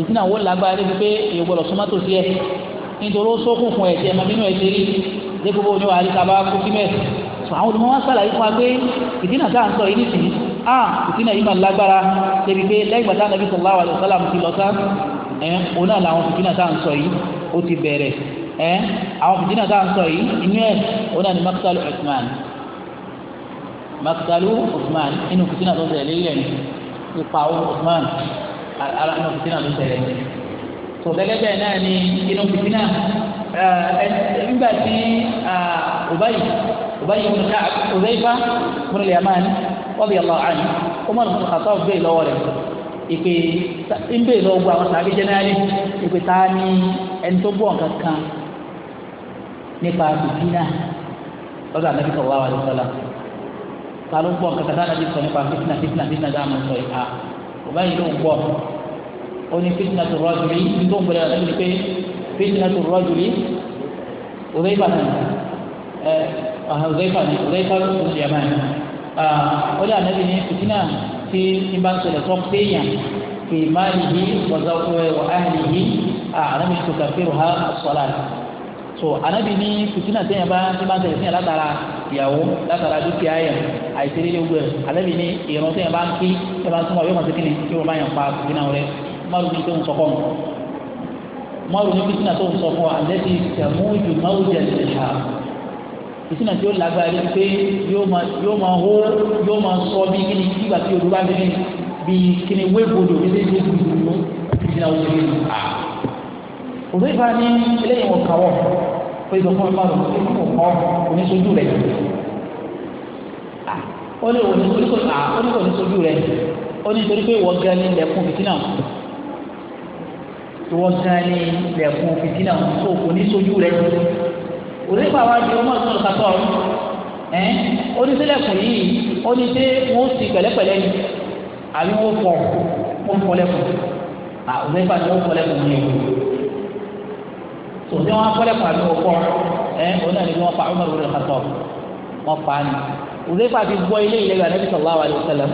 ìtí náà ó lágbára débi pé èyí gbọdọ̀ súnmọ́ tó sí ẹ nítorí ó sókùn fún ẹ̀sẹ̀ ẹ̀mọ́ nínú ẹ̀sẹ̀ rí dépò bó ní wàá rí kú sí mẹ́ẹ̀sì tó àwọn olùmọ̀ wọn sàlàyé fún wa pé ìdí náà sáà ń sọ yìí nìsín á ìdí náà yìí máa lágbára sallallahu alaihi wasallam ti lọ sáà ẹ̀ òun náà làwọn ìdí náà sáà ń sọ yìí ó ti bẹ̀rẹ̀ ẹ̀ àwọn ìdí náà makitalu usman inú fitina tó tẹ̀lé yẹn ìpàwọ́ usman ara inú fitina tó tẹ̀lé tó gẹ́gẹ́ bẹ́ẹ̀ náà ni inú fitina nígbà tí ubayi ubayi ibn ka'ab uzaifa ibn al-yaman radiyallahu anhu umar ibn khattab bẹ́ẹ̀ lọ́wọ́ rẹ̀ ìpè ńbẹ lọ gbọ àwọn sàbí jẹnẹrálì ìpè tá a ẹni tó bọ̀ nǹkan kan nípa bìbí náà lọ́dọ̀ ànábì sallallahu alaihi wasallam ta ló gbọ́ kàkà tá a nàbí sọ nípa fitna fitna fitna dá mọ̀ sọ ìhà ọba yìí ló ń gbọ́ ó ní fitna tó rọ́ọ̀dù rí tó ń gbọ́dọ̀ lọ́dún pé fitna tó rọ́ọ̀dù rí òwe ìbàdàn ẹ òwe ìbàdàn òwe ìbàdàn tó ń ṣe àmà ó lé ànábì ní fitna tí ń bá ń sọlẹ̀ tó ń péyàn fi máàlì yìí wọ́n so anabi ní kùtìnà tẹ̀yìn bá ní bá tẹ̀yìn sẹ́yìn látara ìyàwó látara dúkìá yẹn àìsèré ní gbẹ anabi ní ìrún tẹ̀yìn bá ń kí tẹ̀yìn bá ń súnmọ́ yọmọ sẹ́kìnì tí wọ́n bá yàn pa kùtìnà rẹ mọ́rù ní tó ń sọ fún mọ́rù ní kùtìnà tó ń sọ fún àlẹ́tì tẹ̀mújù mọ́wùjẹ ìhà kùtìnà tí ó lágbára pé yóò máa hó yóò máa sọ bí kíni nígbà tí olú bá kíni bí kíni wébodò nílé ìdíje òdòdó kùtìnà òdòdó ó yẹ kó ọmọ rẹ èmi kò kọ́ oníṣojú rẹ ah, ó ní oníṣojú ah, rẹ ó ní torí pé ìwọ gan ni lẹ́kùn fìtínà ìwọ gan ni lẹ́kùn fìtínà tó oníṣojú rẹ onípa wa di ọmọ ìṣòro kàtọ́ ẹ oníṣẹ́lẹ̀kùn yìí ó ní ṣé wọ́n ti pẹ̀lẹ́pẹ̀lẹ́ ni àbí wọ́n fọ̀ wọ́n fọ̀ lẹ́kùn àwọn ah, onípa ni wọ́n fọ̀ lẹ́kùn yìí tòun wọn akọlẹ fún àbí ọkọ ẹ òun náà ní wọn pa Umar ibn Khattab wọn pa á ní òzèfà ti gbọ́ ilé ìlẹ́gbẹ̀ẹ́ Ànábì sallallahu alaihi wasallam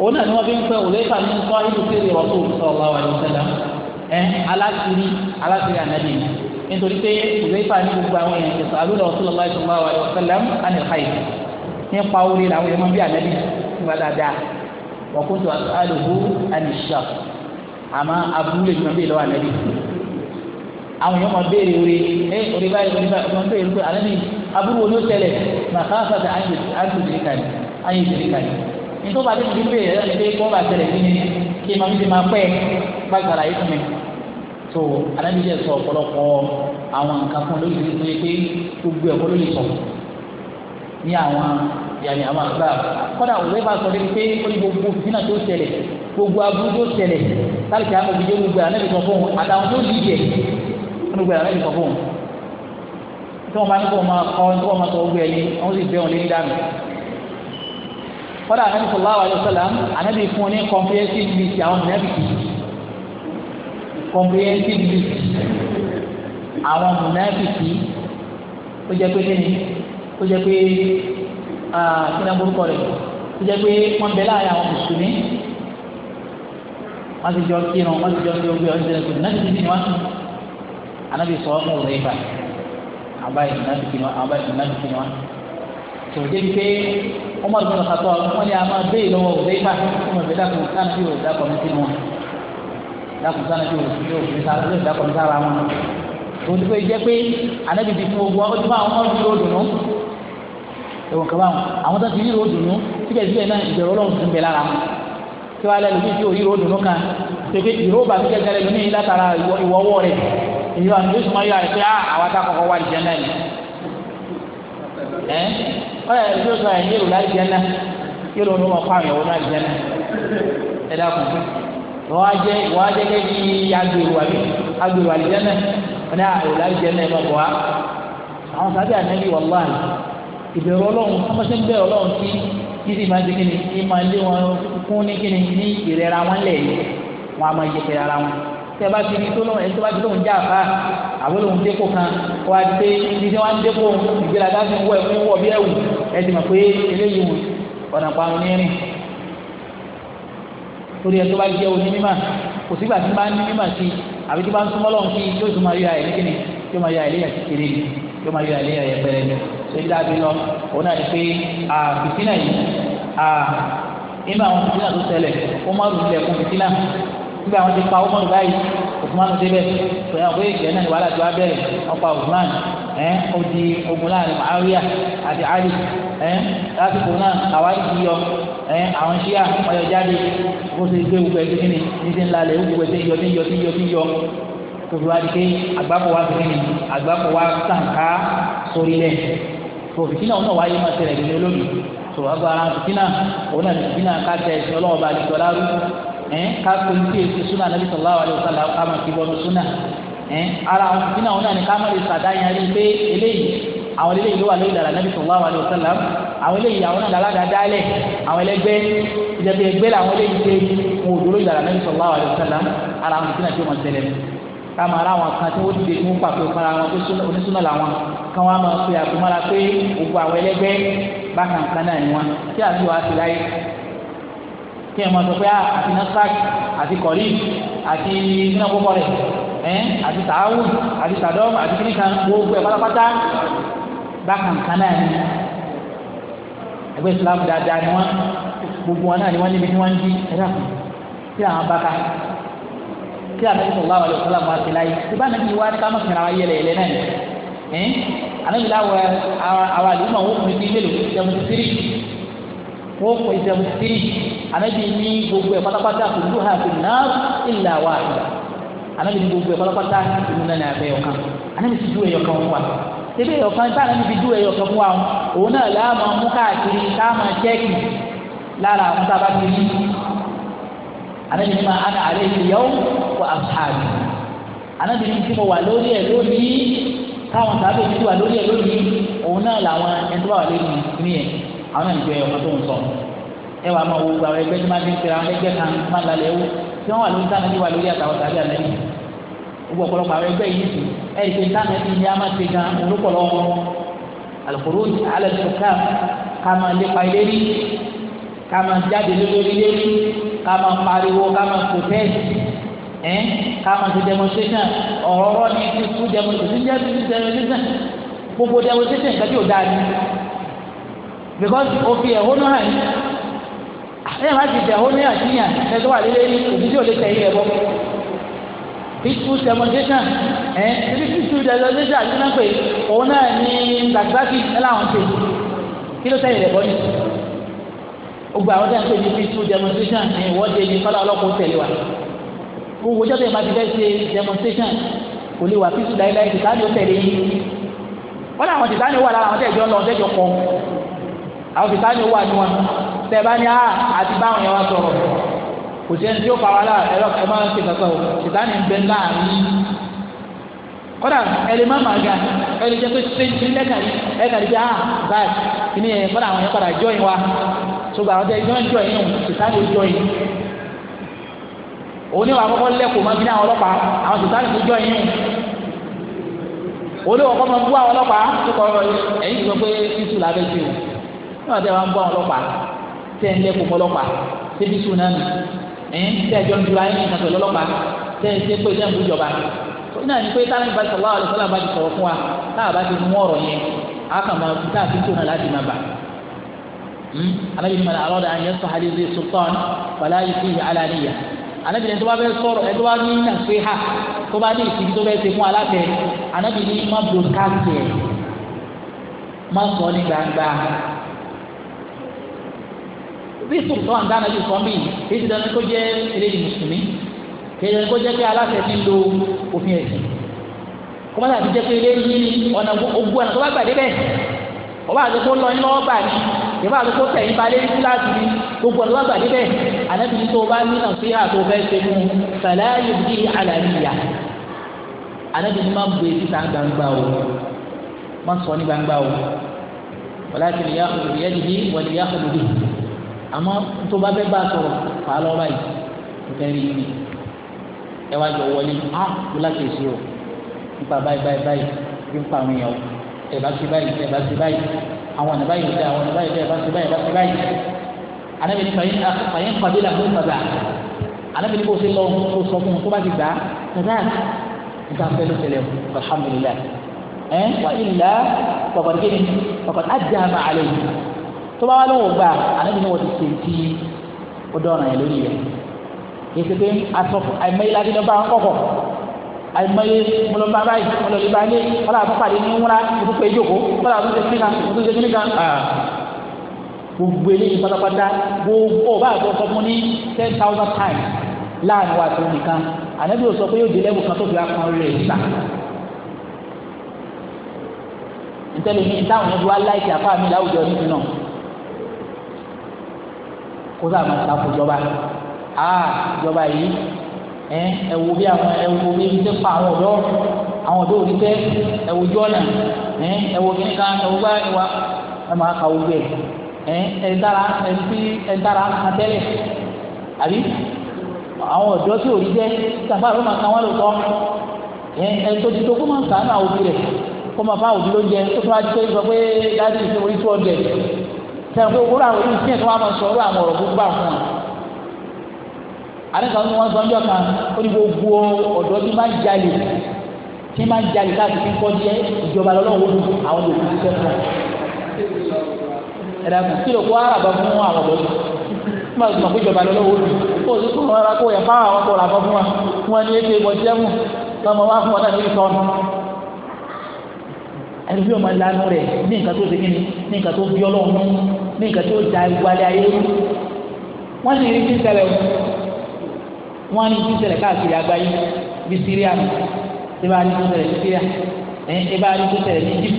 òun náà ni wọ́n fi ń pẹ́ òzèfà ní nǹkan ìlú kéré Rasul sallallahu alaihi wasallam ẹ alásìírí alásìírí Ànábì nítorí pé òzèfà ní gbogbo àwọn èèyàn ti àlùdà Rasulullahi sallallahu alaihi wasallam àni ìfàyè nípa orí làwọn èèyàn máa ń bí Ànábì àwọn èèyàn máa béèrè orí ẹ orí báyìí orí báyìí ọmọ béèrè pé alẹ́ ní aburú oní òtẹ́lẹ̀ màkàfàtà àǹtìsìríkàní àǹtìsìríkàní nítorí bá tẹ̀sí béèrè ẹ̀rọ ìgbé kí wọ́n bá tẹ̀lé sí ni kí màmí ti máa pẹ́ gbàgbára yìí fún mi tó alẹ́ ní sọ ọ̀pọ̀lọpọ̀ àwọn nǹkan kan lórí ìdílé pé pé gbogbo ẹ̀kọ́ ló lè sọ ní àwọn yàrá àwọn àgbà kọ́dà òwe bá sọ pé ó ní gbogbo fìdínà tó ṣẹlẹ̀ gbogbo aburú tó ṣẹlẹ̀ láti ṣe àwọn òbí yóò gbogbo àná gbogbo yàrá yìí kọ́ fóun tí wọ́n bá ní kó máa kọ́ ní kó máa sọ gbogbo ẹ̀yìn wọ́n sì bẹ́ wọn lé ní dànù. kọ́dà anabi sallallahu alayhi wa sallam anabi fún ọ ní comprehensive list àwọn mùnàbìkì comprehensive list àwọn mùnàbìkì ó jẹ́ pé kíni ó jẹ́ pé kíni aburúkọ rẹ̀ ó jẹ́ pé wọ́n bẹ láàrin àwọn mùsùlùmí wọ́n ti jọ kírun wọ́n ti jọ kírun gbé ọ̀sẹ̀ rẹ̀ kò anabi sọ ọmọ òwúrọ̀ yìí fà àbáyé ìnáfìkì wọn àbáyé ìnáfìkì wọn tó dé pé ọmọ ìgbọ́n kàtọ́ wọn ni a máa bẹ́ ìlọ́wọ́ òwúrọ̀ yìí fà ọmọ ìgbẹ́ dàkùn sáà bí òwúrọ̀ dàkùn sí wọn dàkùn sáà bí òwúrọ̀ dàkùn sára wọn tó dé pé jẹ́ pé anabi ti fún ogun ọdún fún àwọn ọdún lódùnú ẹ̀wọ̀n kaba wọn àwọn tó ti rí ròdùnú síbẹ̀síbẹ̀ náà ìbẹ̀rù ọlọ́run ti ń bẹ lára wọn tí wàá lẹ́nu bí tí ò rí ròdùnú kan tètè ìró bàtí kẹ́kẹ́ lẹ́nu ní látara ìwọ́wọ́ rẹ̀ èyí wà ní oṣù máa yọ àrẹ pé ah, àwọn atakọkọ wà lìjẹ náà ni ẹ ọ yà ẹbí oṣù àyè yẹlò lálìjẹ náà yẹlò ní wọn kọ àwọn ìyàwó náà lìjẹ náà ẹ dákun wọn á jẹ wọn á jẹ kẹbi agbèrò àbí agbèrò àlìjẹ náà wọn ní àyè ah, lálìjẹ náà ẹ bá bọ wá àwọn sábẹ ànábi wàlláhì ìbẹ̀rù Ọlọ́run ọmọọṣẹ ń bẹ̀rù Ọlọ́run tí títí máa ń di kíni ní máa ń lé wọn kún ní kíni ní ìrẹ́ra wọn lẹ̀ yìí wọn á máa tẹ bá ti di tó lóhùn ẹni tó bá ti lóhùn jáfa àbó lóhùn dépò kan kó a dé ibi tí wọn dépò ìgbéraga ti wọ ẹkún wọ bí ẹwù ẹ ti mọ pé eléyìí wù ọ̀nà parun ní rìn torí ẹni tó bá jẹ òní mímà kò sígbà tí bá ní mímà sí àbí tí bá ń súnmọ́ lọ́hùn sí yóò tún máa yọ àyè nìkíni yóò máa yọ àyè léyà kékeré yóò máa yọ àyè léyà yẹpẹrẹ ni ṣé bí dábì lọ òun náà ni pé fìtínà yìí nínú àwọn fìtínà tó ṣẹlẹ̀ ó má rùn lẹ̀kùn fìtínà nígbà wọn ti pa ọmọ rẹ báyìí Usman débẹ̀ pẹ̀lú àwọn èèyàn jẹ́ náà ni wàhálà tó wá bẹ̀rẹ̀ wọn pa Usman ẹ̀ ó di ogun láàrin Muawiya àti Ali ẹ̀ lásìkò náà àwa ti yọ ẹ̀ àwọn ṣíà ọyọ jáde bó ṣe gbé gbogbo ẹgbẹ́ kíni ní ti ń lalẹ̀ gbogbo ẹgbẹ́ yọ ti yọ ti yọ ti yọ tòbí wa di pé àgbákò wa fi kíni àgbákò wa tàn ká sórí lẹ̀ fòfìtínà ọ̀nà wáyé máa tẹ̀lé ìdílé olómi tòwá gba ara fìtínà ọ̀nà fìtínà ká ẹ̀ eh, káko ní tí èsì súnà nàbí sallallahu alaihi wasallam ká máa fi bọ́nu súnà ẹ̀ eh, ara àwọn fìdínà wọn náà ni ká máa lè sàdáyàn rí pé eléyìí àwọn eléyìí ló wà lórí ìlànà nàbí sallallahu alaihi wasallam àwọn eléyìí àwọn náà dáadáa dálẹ̀ àwọn ẹlẹgbẹ́ ìjẹ̀bi ẹgbẹ́ làwọn eléyìí ṣe wọn ò dúró ìlànà nàbí sallallahu alaihi wasallam ara àwọn fìdínà tí wọ́n kama ara wọn kan tí wọn ti dèkún pàpẹ fara wọn tó onísúná làwọn kan wọn máa pe àkómọ́ra pé òkú àwọn ẹlẹgbẹ́ kan náà ni wọn tí àti wàá ti láyé kí ẹ máa sọ pé ah, àti nasak àti kọ̀rí àti iná púpọ̀ rẹ̀ ẹ́ àti tààwù àti tàdọ́m àti kíníkan gbogbo ẹ̀ pátápátá bákan kan náà ni ẹgbẹ́ Islam dáadáa ni wọ́n gbogbo wọn náà ni wọ́n níbi tí wọ́n ń jí ẹ̀dá kan kí àwọn bákan kí anabi sallallahu alayhi wa sallam wa ti láyé tí bá anabi wa ká má fìrà wa yẹlẹ yẹlẹ náà ni anabi láwọ àwọn àlùmọ̀ wọ́n kọ ìjẹun sí anabi ní gbogbo ẹ̀ pátápátá kùdú ha fi náà ìlà wà anabi ní gbogbo ẹ̀ pátápátá ìlú náà ní abẹ́ ọ̀kan anabi ti dú ẹ̀yọ̀kan fún wa ebi ẹ̀yọ̀kan tí anabi fi dú ẹ̀yọ̀kan fún wa òun náà làá máa mú káàkiri káà jẹ́kì lára àwọn bá ti rí anabi ní ma ana alẹ́ ìyàwó wa àbáàbí anabi ní tí mo wà lórí ẹ̀ lónìí káwọn sábẹ́ ti wà lórí ẹ̀ lónìí òun náà làwọn ẹni àwọn ìjọ ẹ̀ ọ̀kan tó ń sọ ẹ wàá máa wo gba àwọn ẹgbẹ́ tí máa ti ń tẹ̀ra àwọn ẹgbẹ́ kan máa lálẹ́ ewu tí wọ́n wà lórí sáà níbi wà lórí àtàwọn tàbí àlẹ́ yìí gbogbo ọ̀pọ̀lọpọ̀ àwọn ẹgbẹ́ yìí sì ẹ̀ ìpè sáà ti ní a máa ti gan olúpọ̀lọ́ alùpùpù alẹ́ tó ká ká máa lépa ilé rí ká máa jáde lórí ilé rí ká máa pariwo ká máa protest ẹ ká máa ti demonstration ọ̀rọ̀ ọ̀rọ̀ ni ti kú demonstration gbogbo demonstration kẹ́kẹ́ ò because òfin ẹ̀hónú hàn yín ẹ̀yìn máa ti tẹ̀hónú àtìyàn ẹ̀tọ́ wà lélẹ́rí òbí tí ò lè tẹ̀yìn rẹ̀ bọ́ peaceful demonstration ẹ̀ ẹ̀bí peaceful demonstration àti náà pé òun náà ní gbàgbákì ẹ̀láwọn ṣe kí ló tẹ̀yìn rẹ̀ bọ́ ni gbogbo àwọn tẹ̀yìn pé ní peaceful demonstration ní ìwọ́de ní kọ́lá ọlọ́kùn tẹ̀lé wa gbogbo ọjọ́ tẹ̀yìn máa ti fẹ́ ṣe demonstration kò lè wà peaceful láíláí tìtáni ó tẹ̀lé yín wọ́n àwọn fìtánì wà ní wọn tẹ bá ní ah, a àti báwọn yẹn wá sọ̀rọ̀ kò sí ẹni tí ó fa wàhálà ẹlọ ẹ máa ń ṣe kankan o fìtánì ń bẹ láàrin kódà ẹni má máa ga ẹni jẹ pé ṣéǹtì lẹ́kàrí ẹ̀kàrí bí a báyìí kìíní ẹ̀ kódà àwọn yẹn padà jọyìn wa ṣùgbọ́n àwọn tẹ jọyìn jọyìn o fìtánì jọyìn òun ni wà á kọ́kọ́ lẹ́kọ̀ọ́ máa bí ní àwọn ọlọ́pàá àwọn fìtánì tó jọyìn o olówó kọ́ máa bú àwọn ọlọ́pàá tó kọ́ ẹ̀yìn sọ pé isu níwọ̀n tẹ́ wá ń bọ́ àwọn ọlọ́pàá tẹ́ ń lẹ́kùn ọlọ́pàá tẹ́bí sùn náà nù ẹ̀ tẹ́ ẹjọ́ ń ju ayé nìkan pẹ̀lú ọlọ́pàá tẹ́ ẹ ṣe pé tẹ́ ń bú ìjọba náà ni pé táwọn ìbá sọ̀rọ̀ àwọn ọ̀sán àbájú sọ̀rọ̀ fún wa táwọn bá ti mú ọ̀rọ̀ yẹn àkàmọ́ tá a ti tó náà láti má bà anabi ni mana alọ́dà àyẹ̀ sọ̀hálì zi sultan wàlá yìí fi alaniya anabi ni tó bá fẹ́ sọ̀rọ̀ ẹ̀ tó bá ní nàṣẹ́hà tó bá ní ìsìnkú tó fẹ́ ṣe fún aláfẹ́ anabi má broadcast yẹ má sọ ní gbangba bí sultan dáná ju kan bí èyí ti dáná kó jẹ́ eléyìí mùsùlùmí kéèyàn kó jẹ́ pé aláṣẹ ti ń lo òfin ẹ̀sìn kó má dàbí jẹ́ pé eléyìí ọ̀nà ogun ọ̀nà tó bá gbàdé bẹ́ẹ̀ ọba àti kó lọ iná ọgbà ni ìbá àti kó tẹ̀yìn balẹ̀ ní láti ní gbogbo ọ̀nà tó bá gbàdé bẹ́ẹ̀ ànábi ní tó bá ní nà sí àtò fẹ́ ṣe mú sàlẹ́ ayé bí àlàyé ànábi ní má bu etí gbangba o má sọ ní gbangba o wàlá kìlìyà òdìyẹ́ dìbí wàlìyà òdìyẹ́ àmọ́ tó bá fẹ́ bá a sọ̀rọ̀ fà á lọ báyìí nǹkan rí mi ẹ wá jọ wọlé á kó láti èsì o nípa báyìí báyìí báyìí bí ń pa àwọn èèyàn ẹ bá ti báyìí ẹ bá ti báyìí àwọn ọ̀nà báyìí dá àwọn ọ̀nà báyìí dá ẹ bá ti báyìí ẹ bá ti báyìí anabi ni fàyín fàbí la fún fàbà anabi ni kò sí lọ kó sọ fún un tó bá ti gbà tàbá nígbà fẹ́ ló tẹ̀lé o alhamdulilayi ẹ wà ilà pàpàdé ni pàpàdé àjà máa lè yìí tó bá wà lóhùn gbà ànábì ni wọ́n ti ṣèǹtì ó dọ̀ràn yẹn lórí rẹ̀ èsì pé aṣọ àìmọye ládínà bá ń kọ̀kọ̀ àìmọye mọlọmọba báyìí mọlọmọba bá yé wọn làwọn pàdé ní wọn ìlú pé ìjòkó wọn làwọn tó ṣe kíkan tó ṣe kíkan gbogbo eléyìí pátápátá gbogbo ọba àgbọ̀ sọ fún ní ten thousand times láàrin wa tó nìkan ànábì ò sọ pé yóò di lẹ́bù kan tó fi akọ rẹ̀ sà ntẹ́lẹ̀ mi táwọn ẹbí wa láìsí mi láwùjọ nínú náà kó sáà máa takò ìjọba àà ìjọba yìí ẹ ẹ wo bí àwọn ẹ wo bí ibi tẹ pa àwọn ọ̀dọ́ àwọn ọ̀dọ́ òní tẹ ẹ wo jọnà ẹ ẹ wo kíní kan ẹ wo bá ẹ wa ẹ máa ka wo bẹ́ẹ̀ ẹ ẹ dára ẹ ti ẹ dára kan tẹ́lẹ̀ àbí àwọn ọ̀dọ́ tí òní jẹ ìtàgbà ló máa ka wọn lò tọ ẹ ẹ tó ti tó kó máa sàánù àwọn òbí rẹ kó máa fá òbí ló tó tó wá jẹ sọ pé dájú ìṣòro two hundred sẹ́yìn pé òwúrọ̀ àwọn yìí tiẹ̀ tó wà máa sọ̀rọ̀ àwọn ọ̀rọ̀ gbogbo àwọn wọn. àníkàn ní wọ́n sọ ọjọ́ kan ó ní gbogbo ọ̀dọ́ tí máa ń jalè tí máa ń jalè káàkiri tí ń kọ́ jẹ́ ìjọba lọ́wọ́ àwọn yòókù ti sẹ́ fún ẹ̀dá kù kí ló kó àràbà fún àwọn ọ̀dọ́ yìí nígbà tó mọ̀ pé ìjọba lọ́wọ́ ó ti kó o sì kó ẹlòmíì ọmọ lanu rẹ̀ ní nǹkan tó segin ni ní nǹkan tó bí ọlọ́run ní nǹkan tó da ìwálé ayé wọ́n sì rí sísẹ̀lẹ̀ wọ́n ní sísẹ̀lẹ̀ káàkiri àgbáyé bí síríà ìbá rí sísẹ̀lẹ̀ ní síríà ìbá rí sísẹ̀lẹ̀ ní egypt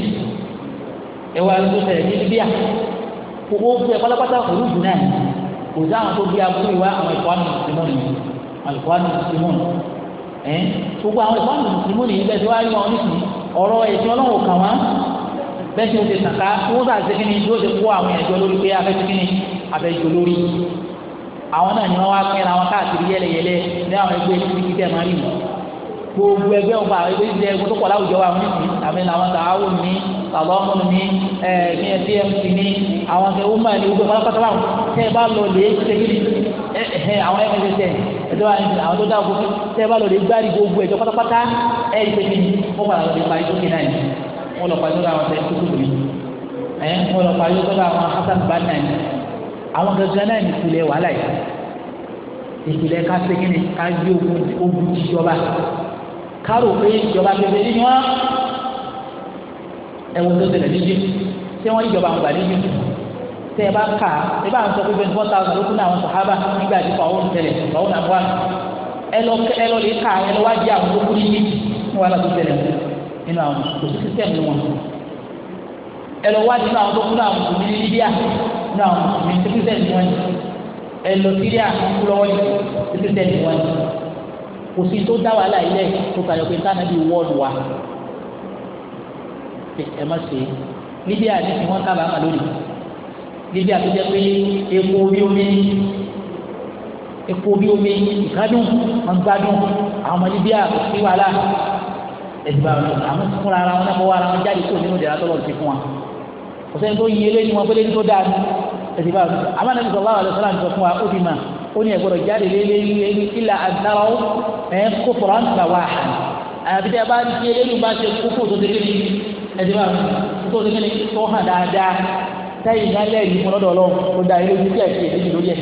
ìwà rí sísẹ̀lẹ̀ ní libya gbogbo fún ẹ pátápátá òru dùn náà kò sí àwọn tó bí abúlé wa àwọn ìfọ̀nù mùsùlùmí àwọn ìfọ̀nù mùsùlùmí gbogbo àwọn ìfọ̀nù mùsùlùmí yìí bẹ́ẹ̀ ọ̀rọ̀ ẹ̀sìn ọlọ́run kàn wá bẹ́ẹ̀ ṣe ń ṣe tàkà wọ́n sà ṣe kíni yóò ṣe kó àwọn ẹ̀jọ́ lórí pé afẹ́ṣe kíni afẹ́jọ́ lórí àwọn náà ni wọ́n wá pín àwọn káàkiri yẹ́lẹyẹ̀lẹ ní àwọn ẹgbẹ́ tẹ̀ gbogbo ẹgbẹ́ ọba ẹgbẹ́ ìdílé ẹgbẹ́ wa àmì làwọn tó wà níbi àwọn tó dá òkú tẹ́ bá lọ́ọ́ lè gbárí gbogbo ẹ̀jọ́ pátápátá ẹ̀ ẹ́ ṣe kí padà lọ́ọ́ lè parí sókè náà ni wọ́n lọ́ọ́ parí sókè àwọn tẹ̀ tó tóbi ẹ̀ wọ́n lọ́ọ́ parí sókè àwọn Hasan bá náà ni àwọn gangan náà ni ìpìlẹ̀ wàhálà yìí ìpìlẹ̀ ká ṣe kí ni ká gbé ogun ìjọba kárò pé ìjọba bèbè nínú wa ẹ̀wọ̀n tó tẹ̀lé níjì tí wọ́n ìjọba àwọn gbà níjì tẹ ẹ bá kà á ẹ bá ń sọ pé twenty four thousand ló kún ní àwọn sàhábà nígbà tí fàwọn tẹlẹ fàwọn àbúrò àná ẹ lọ ẹ lọ lè kà ẹ lọ wá jẹ àwọn tó kún ní yìí ní wàhálà tó tẹlẹ nínú àwọn kò sí sísẹ̀mù wọn ẹ lọ wá nínú àwọn tó kún ní àwọn mùsùlùmí ní nínú àwọn mùsùlùmí tó kún wọn ẹ lọ Syria kú lọ́wọ́ yìí tó kún sẹ́ẹ̀mù wọn kò tó dá wàhálà bíbí àtúnjẹ pé epo orí omi epo orí omi ìkádùn ọ̀gbádùn àwọn ọmọ níbí àkọsí wàhálà ẹ̀dùbà ọ̀nà àwọn fúnra ara wọn náà fọwọ́ ara wọn jáde kó nínú ìdára tọ́lọ̀ ti fún wa ọ̀sẹ̀ tó yin eléyìí wọn pélé tó dáa ẹ̀dùbà ọ̀nà àwọn ẹ̀dùbà ọ̀nà àwọn ẹ̀dùbà ọ̀nà fún wa ó fi mà ó ní ẹ̀gbọ́dọ̀ jáde lélẹ́yìn ilà àdára ẹ̀ kó fọ̀rọ̀ àǹtà wà hàn àbí tẹ́ bá ti eléyìí bá ṣe kókó tó ti kéde sẹ́yìn lálẹ́ yìí fún lọ́dọ̀ ọlọ́run ó da ilé ojú kẹ̀kẹ́ èjì lórí ẹ̀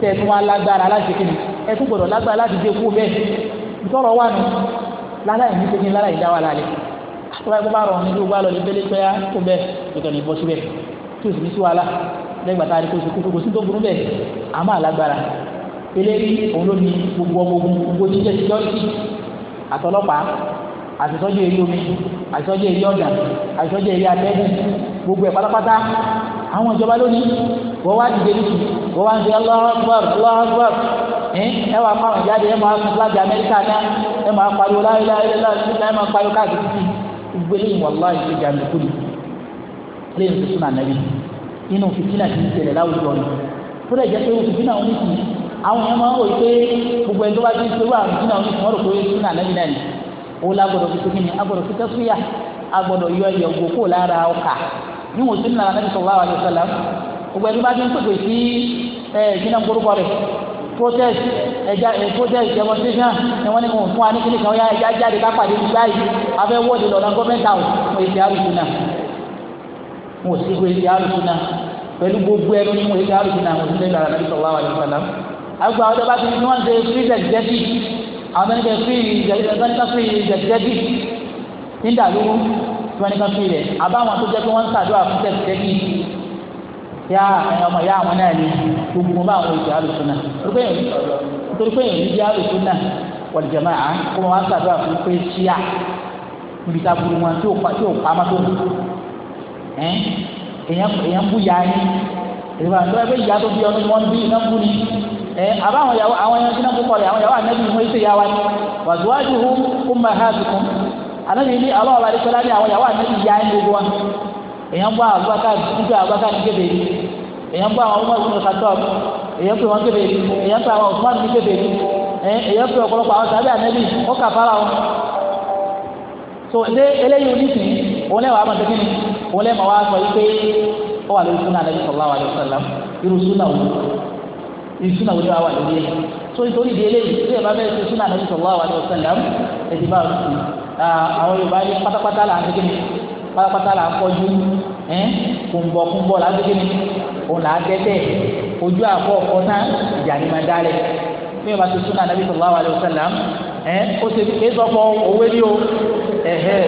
tẹ́ ẹ tún wá lágbára láti kéde ẹ tún gbọ́dọ̀ lágbára láti dé kú bẹ́ẹ̀ ìtọ́rọ̀ wà nù láláì ní wà lálẹ́ àtúwá ẹ̀kọ́ bá rọ̀ ní gbogbo àlọ́ kó bẹ́ẹ̀ bọ́ síbẹ̀ tí o sì ní sí wàhálà tá a rí kó tó burú bẹ́ẹ̀ àmọ́ àlágbára eléyìí òun ló ní gbogbo ọmọ ogun gbogbo gbogbo ẹ̀ pátápátá àwọn ìjọba lónìí wọ́n wá dìde nìkú wọ́n wá ń ṣe Allahu Akbar Allahu Akbar ẹ pa àwọn máa fi flag Amẹ́ríkà náà máa pariwo máa pariwo káàkiri gbogbo eléyìí kúlù inú fìtínà ti ń láwùjọ ni tó dẹ̀ jẹ́ pé a gbọ́dọ̀ yọ ẹyọ gbòkó lára ọkà níwọ̀n sí nílànà nàbì sallallahu alaihi wasallam gbogbo ẹni bá ti ń pèpè sí ẹ ìjìnà gbórúkọ rẹ protest ẹja ẹ protest demonstration ni wọn ní kò fún wa ní kíni kan ẹja jáde ká pàdé ní báyìí abẹ wọ́ọ̀dì lọ́nà gọ́ọ̀mẹ́ntà wọn èsì àrùsùn náà wọn ò sí kó èsì àrùsùn náà pẹ̀lú gbogbo ẹnu ní wòye káàrù ìdìnnà àwọn òṣìṣẹ́ ìgbàlá nàbí sọ̀rọ̀ àwọn àlùfàlà. àgbà ọjọ́ bá ti ní wọ́n ṣe free jẹ̀jẹ̀bì àwọn ẹni bẹ free jẹ̀jẹ̀bì nígbà lówó tí wọ́n ní kan fi rẹ̀ àbáwọn tó jẹ́ pé wọ́n ń ṣàdúrà fún tẹ̀sítẹ́kì yá ẹ̀yàn ọmọ yá àwọn náà lè gbogbo wọn bá àwọn ìjọ àlùsùn náà nítorí pé èyí jẹ́ àlùsùn náà wal jama'a kó wọn wá ṣàdúrà fún pé ṣíà níbi tá a burú wọn tí ò pa má tó èèyàn bú ya ni ìgbà tó ẹgbẹ́ ìyá tó bí ọdún wọn bí iná bú ni ẹ àbáwọn yàwó àwọn ẹyẹ tí náà kó kọlẹ̀ àwọn yàwó ànábì wọn ṣe yá wa ni wàzúwájú hù ummahatukum a na aláwọ̀ bá dẹ́kọ́lá ní àwọn ìyàwó ànábì ya ẹni gbogbo wa èèyàn bá Abubakar nígbà Abubakar ní kébèrè èèyàn bá àwọn ọmọ ìgbìmọ̀ sàtọ́ èèyàn pè wọ́n kébèrè èèyàn pè àwọn Usman ní kébèrè èèyàn pè ọ̀pọ̀lọpọ̀ àwọn sàbẹ̀ ànábì ó fara wọn. so ilé eléyìí onísìn òun lẹ́wọ̀ Ah, àwọn yorùbá ní pátápátá là ń ṣe kíni pátápátá là ń kọjú kùnbọ̀kùnbọ̀ là ń ṣe kíni òun là ń tẹ́tẹ́ ojú àbọ̀ ọkọ náà ìjà ni máa dálẹ̀ bí wọ́n bá ti súnà nàbí sallallahu alaihi wasallam ẹ̀ ó ṣe é sọ fún òwe ní o ẹ̀hẹ́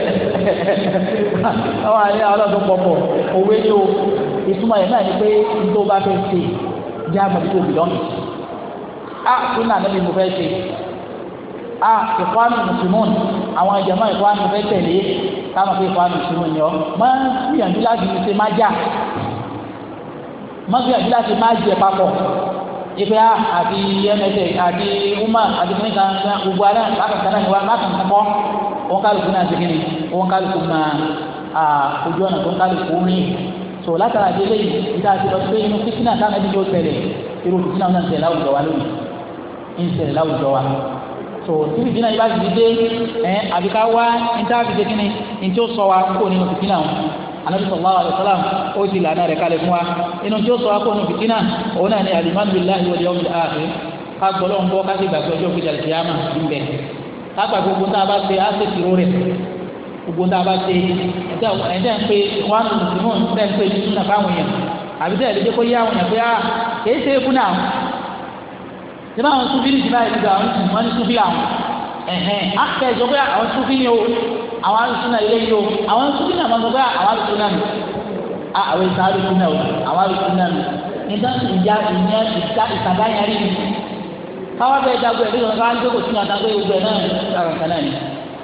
àwọn àyè ọlọ́dún pọ̀pọ̀ òwe ní o ìtumọ̀ yẹn náà ni pé tó bá fẹ́ ṣe jẹ́ àmọ́ tó bìlọ́ọ̀nù á ah, súnà nàbí a ah, ìkwánu mùsùlùmùn àwọn ìjàmbá ìkwánu fẹ́ tẹ̀lé táwọn fẹ́ ìkwánu mùsùlùmùn yọ máa ń gbìyànjú láti ṣe má jà máa ń gbìyànjú láti má jẹ papọ̀ ife ah, a àti msa àti uma àti mẹ́ta gbogbo ara lákàtà náà ni wà lákàtà kọ́ wọn kálukú náà ti kiri wọn kálukú náà ojú ọ̀nà tó ń kálukú rìn so látara délé yìí ìdá àti lọ sí inú fífínà táwọn ẹbí yóò tẹ̀lé irú fífínà náà ń tẹ̀lé láwùjọ wa lónìí ń tẹ̀lé láwùjọ wa so tí fìtínà yìí bá ti dé ẹ àbí ká wá níta fi ṣe kíni ní tí ó sọ wa kó nínú fìtínà wọn anabi sallallahu alayhi wa sallam ó ti lànà rẹ̀ kalẹ̀ fún wa inú tí ó sọ wa kó nínú fìtínà òun náà ni alimami billahi wal yawmil akhir ká gbọ́dọ̀ ń bọ́ ká sì gbàgbé ọjọ́ òkúta ìyáma ń bẹ̀ ká gbàgbé ogun tá a bá ṣe á ṣe tìró rẹ̀ ogun tá a bá ṣe ẹ̀dá ẹ̀dá ń pe wọn mùsùlùmí ń pè ní nàfàwọn èèyàn àbí tẹ̀lé àwọn èèyàn pé ah, á síbá àwọn sufi ní síbá ìdíje àwọn wọn ní sufi àwọn ẹ̀hẹ́n akẹ́ ìjọ pé àwọn sufi ni o àwọn alùsùnà ilé yìí o àwọn sufi náà máa sọ pé àwọn alùsùnà mi àwọn ìta alùsùnà o àwọn alùsùnà mi nígbà tí ìjà ìyẹn ìta ìtàgá yẹn rí mi káwá bẹ́ẹ̀ dago ẹ̀ nígbà káwá ń dókò sínú àtàgbé gbogbo ẹ̀ náà kàkà náà ni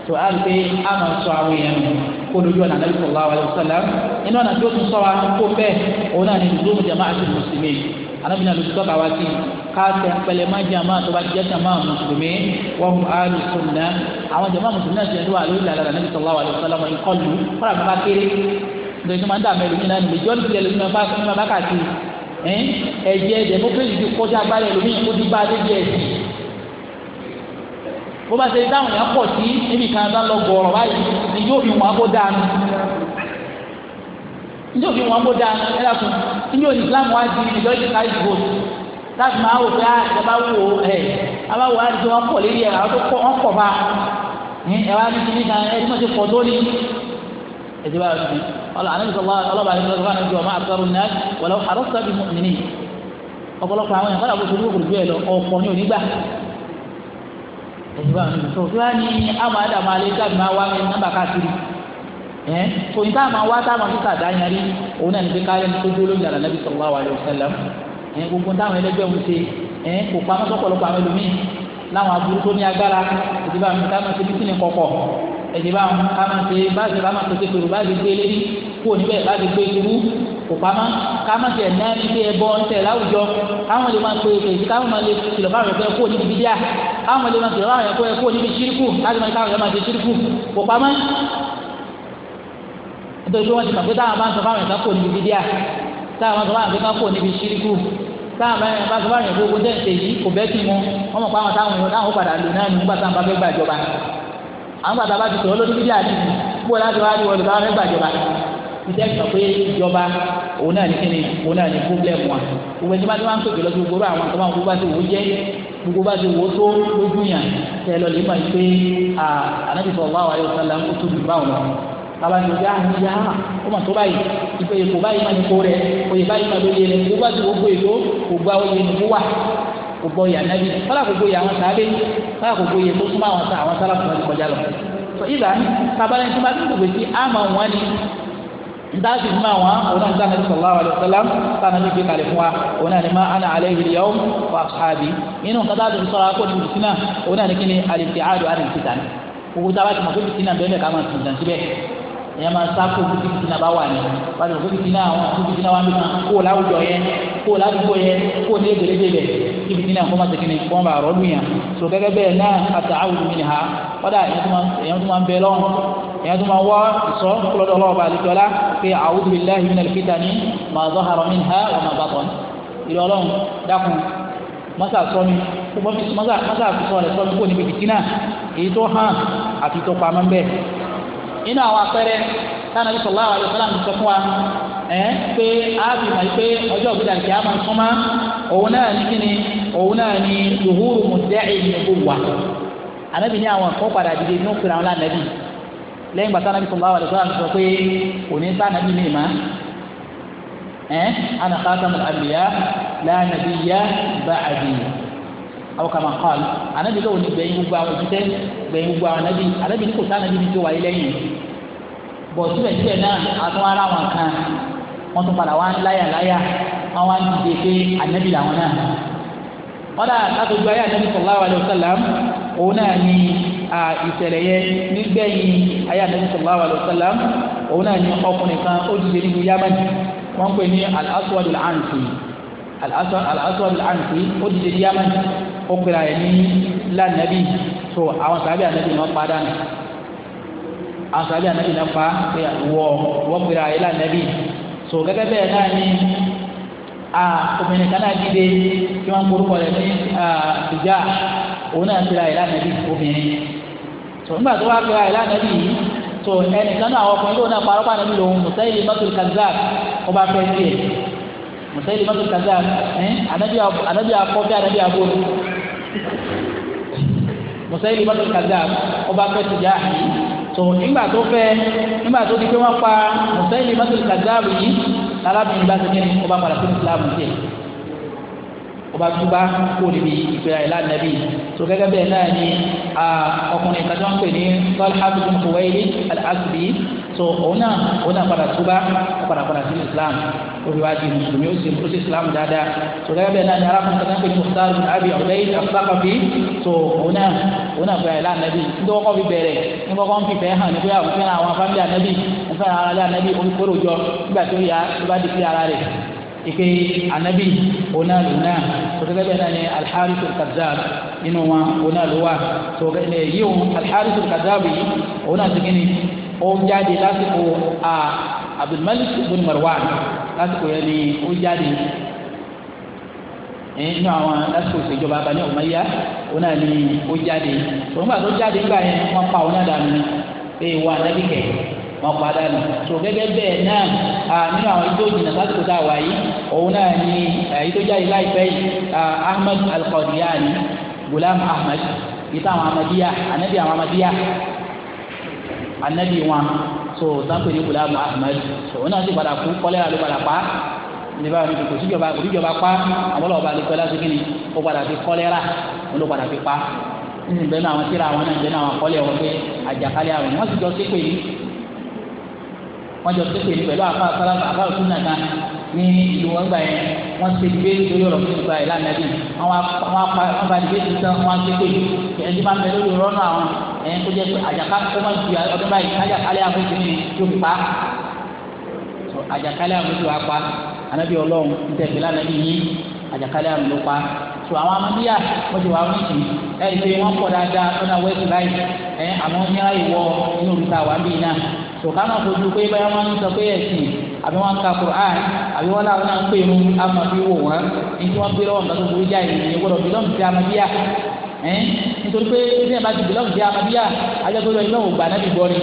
tó a gbé a máa sọ àwọn èèyàn mi kó lójú ọ̀nà Ànábì sallallahu alaihi wasallam inú ọ̀nà tí ó tún sọ wa kó bẹ́ẹ̀ òun náà ni lùdó anábì náà ló ti tọ́ka wá sí káàtẹ́ pẹlẹ má jẹ́ àmọ́ àtọ́ba jẹ́ jàmá mùsùlùmí wọ́n mú àlù sùnà àwọn jàmá mùsùlùmí náà ti ẹ̀ lọ́wọ́ àlóyè làlàlà níbi sọ̀rọ̀ wà lọ́sọ̀rọ̀ lọ́mọ ìkọlù kọ́ra bàbá kéré nítorí tó máa ń dààmú ẹlòmíì náà nìyẹn jọ́lù tilẹ̀ lómi bá fún bàbá kàti ẹ̀jẹ̀ democracy ti kọjá agbára ẹlòmíì kó ti bá a débi ẹ̀sìn bó bá ṣe dáhùn yà pọ̀ sí níbi njẹ́ òfin wọn kó dáa ẹ dàkún njẹ́ òní Islam wá di ìjọ ìjọ káyọ̀ ìbò láti máa wò pé ìjọba ah, wò ẹ àbá wò àdìjọ wọn pọ̀ lórí ẹ àwọn tó kọ́ wọn pọ̀ bá ẹ wá ní kíní kan ẹ ní wọ́n ti pọ̀ tó ní ẹ̀dẹ̀ bá yọ̀ sí ọlọ́ àná bisọ̀ ọlọ́ba àti ọlọ́ba àti ọmọ àkàrò náà wọlé àrọ́sà bí mọ̀mìnì ọ̀pọ̀lọpọ̀ àwọn ìyàwó àbúrò tó gbogbo ẹ̀ lọ ọ̀pọ̀ ní onígbà ẹ̀dẹ̀ bá yọ̀ sí ọ̀tún wá ní àmọ́ àdàmọ́ alẹ́ káàdì máa wá ní nọ́mbà káàkiri ẹ eh? oyin tá a máa wá tá a máa fi kàdá yẹn rí òun náà ní pé káyọ̀ ní tó dúró lóyún àlànà bíi sallallahu alaihi wasallam ẹ eh, gbogbo táwọn ẹlẹgbẹ́ òun ṣe ẹ eh, kò pamọ́ sọ́pọ̀lọpọ̀ àwọn ẹlòmíì láwọn aburú tó ní agbára ìdìbò àwọn ìta máa ṣe bí sínú kọ̀kọ̀ ìdìbò àwọn ká máa ṣe báàgì ká máa ṣe kúrú báàgì gbé lérí kúrò níbẹ̀ báàgì gbé kúrú kò pamọ́ ká máa ṣe ẹ̀ná ní pé ẹbọ ń tẹ̀ láwùjọ káwọn lè máa pe èsì káwọn máa lè kìlọ̀ fáwọn ẹ̀kọ́ kúrò níbi bídíà káwọn lè máa nítorí pé wọ́n ti sàpé táwọn bá ń sọ fáwọn ìkan kò níbi bídíà táwọn bá ń sọ fáwọn ìkan kò níbi ṣíríkù táwọn bá ń sọ fáwọn ìkan gbogbo tẹ̀sẹ̀ yìí kò bẹ́ẹ̀ tì mú wọ́n mọ̀ pé àwọn táwọn èèyàn táwọn padà lò náà nígbà táwọn bá fẹ́ gbà àwọn bàtà bá ti sọ̀rọ̀ lórí bídíà ti kú láti wá wọlé táwọn fẹ́ gbà ìjọba sọ pé ìjọba òun náà ní kíni òun náà ní pọ́blẹ́mù wa gbogbo ẹni bá ti máa ń pèjọ lọ sí gbogbo àwọn àtọ́wọ́n gbogbo bá ti wò ó jẹ́ gbogbo bá ti wò ó tó lójú yàn tẹ́ lọ lè máa ń pé ànábìsọ̀ wà wà yóò sálà ń kó tóbi báwọn lọ bàbá mi ò dá àmì yá ó mà tó báyìí ìpè èkó báyìí má ní kó rẹ òye báyìí má ló yẹ rẹ gbogbo àti gbogbo èlò kò gba òye nìkú wà kò gbọ òye ànábì kọ́lá kò gbóye àwọn sàábé kọ́lá kò gbóye tó súnmọ́ àwọn sàá àwọn sàlá fún ọdún kọjá lọ. sọ ìgbà tábàlẹ̀ tí wọ́n ti gbogbo sí àmọ́ wọn ni ndaasi ma wa ona nta nabi sallallahu alaihi wasallam ta nabi bi kale fwa ona ni ma ana alaihi alyawm wa ashabi inu kada du sala ko ni sina ona ni kini al-ibtiadu an al-fitan ko ta ba ma ko sina be ka ma tun dan sibe èèyàn máa sá kó fífi fìtínà bá wà ní wà ní fífi fìtínà àwọn fífi fìtínà wà nínú kó o láwùjọ yẹn kó o ládùúgbò yẹn kó o ní egbèrègbè bẹ fífi fìtínà kó o má ti kíni kó o má rọ́ọ̀lù yẹn so gẹ́gẹ́ bẹ́ẹ̀ náà àti àwùjọ mi nìha kọ́dà èèyàn tó máa ń bẹ lọ́wọ́ èèyàn tó máa wọ́ ìsọ́ kúlọ́dọ̀ ọlọ́wọ́ bá àlejòlá pé a'udhu billahi minal fitani ma zahara inú àwọn àpẹẹrẹ tánà bí sọlá àlọ sọlá nìkan fún wa ẹ pé ábì mà pé ọjọ́ òbí dàgbé àmọ́ súnmọ́ òun náà ní kíni òun náà ní yòhúrù mùdẹ́ẹ̀ ní gbogbo wa ànábì ní àwọn kó padà dìde ní òkúra wọn lánàbì lẹ́yìn gbàtà nàbì sọlá àlọ sọlá nìkan pé òní sànàbì mi mà ẹ ana khatamu al-anbiya la nabiyya àwọn kàmá hàn anabi lóun ní gbẹ̀yìn gbogbo àwọn òṣìṣẹ́ gbẹ̀yìn gbogbo àwọn anabi anabi ní kò sá anabi ní tó wáyé lẹ́yìn bọ̀ síbẹ̀síbẹ̀ náà àtún ara wọn kan wọ́n tún padà wá ń láyà láyà wọ́n wá ń dìde pé anabi làwọn náà wọ́n dà látọjú ayé anabi sallallahu alayhi wa sallam òun náà ní ìṣẹ̀lẹ̀ yẹn nígbẹ̀yìn ayé anabi sallallahu alayhi wa òun náà ní ọkùnrin kan ó dìde níbi yamani wọ́n pè ní al-aswadul al-aswad al-ansi ó ti di yamani ó pera ẹ̀ ní lánàbí so àwọn sàbí ànábì náà pa dànù àwọn sàbí ànábì náà pa wọ wọ́n pera ẹ̀ lánàbí so gẹ́gẹ́ bẹ́ẹ̀ náà ni obìnrin kan náà dìde kí wọ́n korúkọ rẹ̀ ní ìjà òun náà pera ẹ̀ lánàbí obìnrin so nígbà tó wá pera ẹ̀ lánàbí yìí so ẹnìkan náà àwọn ọkùnrin lóun náà parọ́ pàdánù lòun mùsáyìlì mọ́tò kazak ọba fẹ́ tiẹ̀ mùsàlì mọ́tò kàdá ẹ anabi akọ bí anabi abo mùsàlì mọ́tò kàdá ọba fẹ́ tìjà tó nígbà tó fẹ́ nígbà tó di pé wọ́n pa mùsàlì mọ́tò kàdá yìí alábìnrin bá ti kí ni ọba padà fún islam tiẹ̀ ọba túbá kó níbi ìpèrè àìlànàbí tó gẹ́gẹ́ bẹ́ẹ̀ náà ni ọkùnrin kan tó ń pè ní Talha bin Khuwaylid al-Asbi so òun náà òun náà padà túbá ó padà padà sí islam òbí wa di mùsùlùmí ó sì ó sì islam dáadáa so gẹ́gẹ́ bẹ́ẹ̀ náà ni arákùnrin kan náà pé ní mukhtar ọ̀dẹ́yìn afsakafi so òun náà òun náà fẹ́ ilá anabi nítorí wọ́n kọ́ fi bẹ̀rẹ̀ ní kọ́kọ́ ń fi bẹ́ẹ̀ hàn ní pé àwọn fẹ́ràn àwọn fámìlì anabi wọ́n fẹ́ràn ara lé anabi olùkóró jọ nígbà tó yá ló bá di sí ara rẹ̀ ike anabi òun náà lòun náà so gẹ́gẹ́ bẹ́ẹ̀ náà ni alḥarisu kazzab nínú wọn òun náà ló wà so yíyún alḥarisu kazzab yìí òun náà ti ó jáde lásìkò a Abdulmalik bin Marwan lásìkò yẹn ni ó jáde nínú àwọn lásìkò ìṣèjọba Bani Umayya òun náà ni ó jáde òun gbàdó jáde gbà yẹn wọn pa òun náà dànù ni pé wà nábì kẹ wọn pa dànù tó gẹ́gẹ́ bẹ́ẹ̀ náà nínú àwọn ìjọ ìjìnà lásìkò tá a wà yìí òun náà ni ìjọ jáde láìpẹ́ yìí Ahmad Al-Qadiani Gulam Ahmad ìtàn àwọn Ahmadiyya ànábì àwọn Ahmadiyya anabi wọn so sanpe ní gulamu ahmed so wọn náà ti padà kú kọ́lẹ́ àlọ́ padà pa nígbà wọn kò síjọba kò síjọba pa àwọn ọlọ́ọ̀bá alẹ́ pẹ́lá sígi ni ó padà fi kọ́lẹ́rà wọn ló padà fi pa nínú ìbẹ́nu àwọn tíra àwọn náà ìbẹ́nu àwọn kọ́lẹ́ wọn pé àjàkálẹ̀ àwọn wọn sì jọ ṣépè ní wọn jọ ṣépè ní pẹ̀lú àfa àfa àfa òsùn náà ní ìlú wọn gbà yẹn wọn ṣe gbé lórí ọ̀rọ̀ fún ìgbà yẹn lánàá bí àwọn apá wọn bá dìbò ti tán wọn ṣe pé ẹni tí máa ń bẹ lórí ọ̀rọ̀ náà wọn ẹni tó jẹ pé àjàká kó má ju ọdún báyìí àjàkálẹ̀ àbójú ni yóò fi pa àjàkálẹ̀ àbójú wa pa anabi Ọlọ́run ń tẹ̀lé lánàá bí yín àjàkálẹ̀ àrùn ló pa tó àwọn amadíyà wọ́n ti wà wíìkì ẹ̀rí pé wọ́n pọ̀ dáadáa lọ́nà wẹ́ẹ̀sì báyìí ẹ̀ àwọn àbí wọn ka Qur'an àbí wọn làwọn náà ń pè mú ama fi wò wọn ní tí wọn gbé lọ́wọ́ nǹkan tó burú jáì ní gbọ́dọ̀ bílọ́ọ̀mù ti amadiya ẹ nítorí pé ní ẹ bá ti bílọ́ọ̀mù ti amadiya ajagolo ilé òun gbà náà ti gbọ́ ni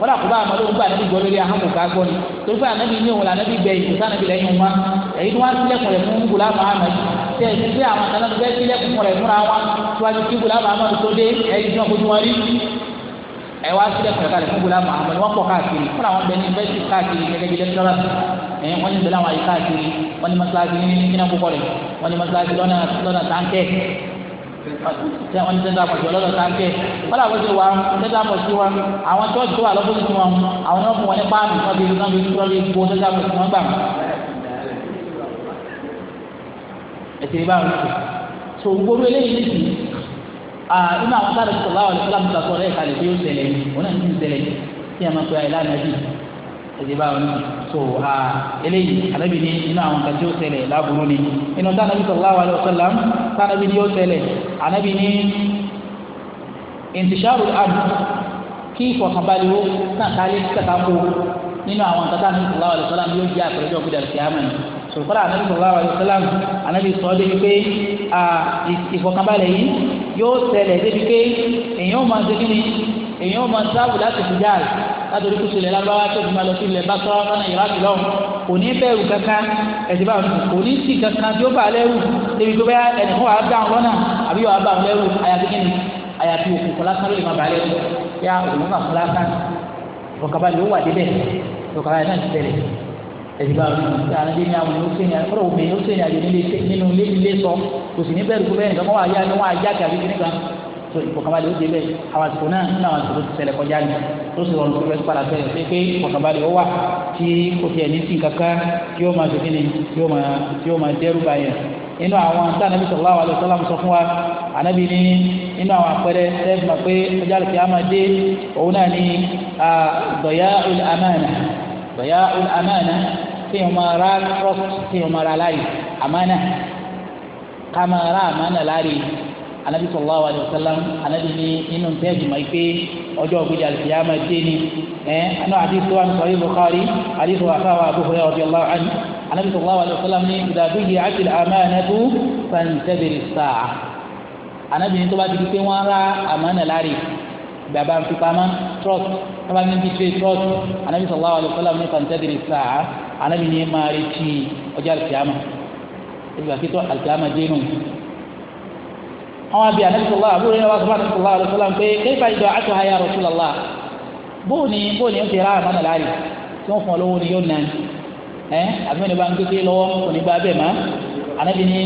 wọn àkóbá amadu òun gbà náà ti gbọ́ lórí ahamu ká gbọ́ ni torí pé anabi ní òun lànà bí gbẹ ìkó sànàbí lẹ́yìn wọn èyí tí wọn tilẹ̀kùn rẹ̀ fún gulama ahmed tẹ ẹ àwọn kanáà ti kí gulama ahmed ẹ wá sílẹ̀ pẹ̀lú kalẹ̀ fún gbọ́dọ̀ àwọn ọmọdé wọ́n pọ̀ káàkiri fún àwọn bẹni bẹ́sì káàkiri gẹ́gẹ́ bí lẹ́tírọ́lá ẹ̀ wọ́n ní bẹ̀rẹ̀ àwọn àyè káàkiri wọ́n ní mọ́sálásí ní nínú kókọ́ rẹ̀ wọ́n ní mọ́sálásí lọ́nà lọ́nà táǹkẹ́ wọ́n ní sẹ́ńtà pọ̀jù lọ́nà táǹkẹ́ wọ́n làwọn ti wà sẹ́ńtà pọ̀jù wa àwọn tọ́jú tó wà lọ́kọ́sí wọn àwọn náà fún so gbogbo eléyìí Ah, inú àwọn sáré tó láwọn àlùfáà láti sàkó ọ̀rẹ́ ìkàlẹ̀ tí ó ṣẹlẹ̀ òun náà ti ṣẹlẹ̀ kí a máa pe àìlá nàbì èdè báwọn ní so eléyìí alábì ní inú àwọn kan tí ó ṣẹlẹ̀ láburú ni inú sáré tó láwọn àlùfáà láti sáré tí ó ṣẹlẹ̀ ànábì ní intisharu am kí ìfọ̀kànbalẹ̀ ó náà kálí kàkà kó nínú àwọn kàkà ní sọláwà lè sọlá yóò jẹ àpẹẹrẹ ọgbẹ dàrú kìámà ni sọlá ànábì sọláwà lè sọlá sọ ọdẹ wípé ìfọ̀kànbalẹ̀ yìí yóò ṣẹlẹ̀ débi pé èèyàn máa ṣe kíni èèyàn máa sáàbù láti fi jáàlì látòrí kùsù lẹ̀ lábáwá tó fi máa lọ sí ilẹ̀ bá sọ́ra fún ìyá àti lọ́hùn kò ní bẹ̀rù kankan ẹ̀dí bá wọn kò ní sí kankan tí ó bá lẹ́rù débi pé bẹ́ẹ̀ ẹnì kan wà á dáhùn lọ́nà àbí wà á bá wọn lẹ́rù àyàfi kíni àyàfi òkú kọlásán ló lè má bàa lẹ́rù yá òkú kọlásán ìfọ̀kàbalẹ̀ ó wà débẹ̀ ìfọ̀kàbalẹ̀ náà ti tẹ̀lẹ̀ ẹ̀dìbà àlejò ní àwọn yóò sèyàn fúnra òbí yóò sèyàn àjò nínú ilé ilé sọ kò sì ní bẹ́ẹ̀ rúkú bẹ́ẹ̀ nìkan wà á yá ni wọ́n á yá kàbí kíní kan tó ìfọ̀kànbalẹ̀ ó dé bẹ́ẹ̀ àwọn àsìkò náà nínú àwọn àsìkò ti ṣẹlẹ̀ kọjá ni tó sì rọrùn pẹ̀lú padà bẹ́ẹ̀ pé pé ìfọ̀kànbalẹ̀ ó wà tí kò fi ẹ̀ní sìn kankan tí ó máa dòkínì tí ó máa tí ó máa dẹ́rù báyẹn inú àwọn tí anabi sallallahu alaihi wasallam sọ fún wa anabi ní inú àwọn àpẹẹrẹ sẹ́ẹ̀fù mọ̀ pé ọjà lè fi àmà dé òun náà ní dọ̀yà ul amánà dọ̀yà tí o máa ra trust tí o máa ra láàyè àmánà ká máa ra àmánà láàyè anabi sallallahu alayhi wa sallam anabi ni inú tẹ́ jùmọ̀ pé ọjọ́ ògbéjà alìsíyàmà dé ni ẹ anú àdìsí wa sọ yìí Bukhari àdìsí wa fáwọn Abu Hurairah radiyallahu anhu anabi sallallahu alayhi wa sallam ni ìdàdú yìí àti àmánatu fàǹtẹ́bìrì sáà anabi ni tó bá ti di pé wọ́n ra àmánà láàyè bàbá ń fipamọ́ trust tó bá ní bí trust anabi sallallahu alayhi wa sallam ni fàǹtẹ́bìrì sáà anabi ní máa retí ọjọ́ alikiyama ebi akitọ alikiyama dénú àwọn abiy anabi sọlá àbúrò yẹn wà sọlá anabi sọlá àlọ sọlá pé kéfà ìdọ àtọ ha yà Rasulullah bóòni bóòni ọtí ra àmàlà láàyè tí wọn fún ọ lọ́wọ́ ni yóò nàn ẹ àbí wọn ni bá ń kékeré lọ́wọ́ kò ní gba abẹ mọ anabi ní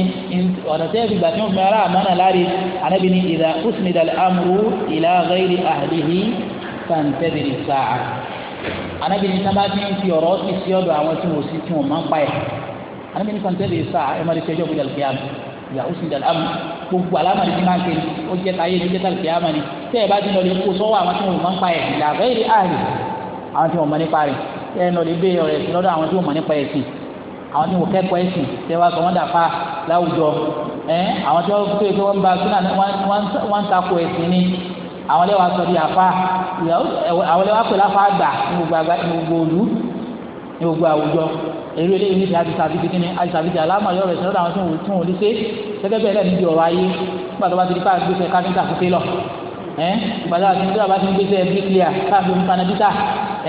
ọ̀nà tẹ́ fi gbà tí wọn fún ara àmàlà láàyè anabi ní ìdá usnidal amru ila ghairi ahlihi fàǹtẹ́bìrì sáà anabi ní sábà fi ń fi ọ̀rọ̀ ti sí ọ̀dọ̀ àwọn tí wọ́n sì tí wọ́n máa ń pa ẹ̀ anabi ní kàn tẹ́lẹ̀ sá ẹ má di tẹ́jọ́ kó jàlùkì àmì ìyá ó sì jàlù àmì gbogbo alámàdé ti máa ń ké ó jẹ́ táyé ní jẹ́tà kì í àmà ni tẹ́ ẹ bá ti lọ́ọ́ kó sọ́wọ́ àwọn tí wọ́n máa ń pa ẹ̀ ìdí ààrẹ àwọn tí wọ́n mọ̀ nípa rẹ̀ tẹ́ ẹ lọ́ọ́ lè béèrè sí àwọn tí wọ́n mọ̀ nípa ẹ̀sìn àwọn wá sọ wọ́n láwùjọ ẹ̀ àwọn tí wọ́n pè pé wọ́n ń ba wọ́n ń takò ẹ̀sìn ni àwọn lẹ́wà sọ bí afa àwọn lẹ́wà pẹ̀lú afa àgbà ní gbogbo olú ní gbogbo àwùjọ èrú eléyìí ní àti sàbídì kí ni àti sàbídì aláma yọ rẹ̀ sọ́dọ̀ àwọn tí wọ́n lè ṣe gẹ́gẹ́ bẹ́ẹ̀ lẹ́nu di ọ̀rọ̀ ayé nígbà tó bá ti di káà gbèsè káfíńtà fún télọ̀ ẹ́n ìgbà tó bá ti di káà ti gbèsè bíkìlíà káàfin fanabítà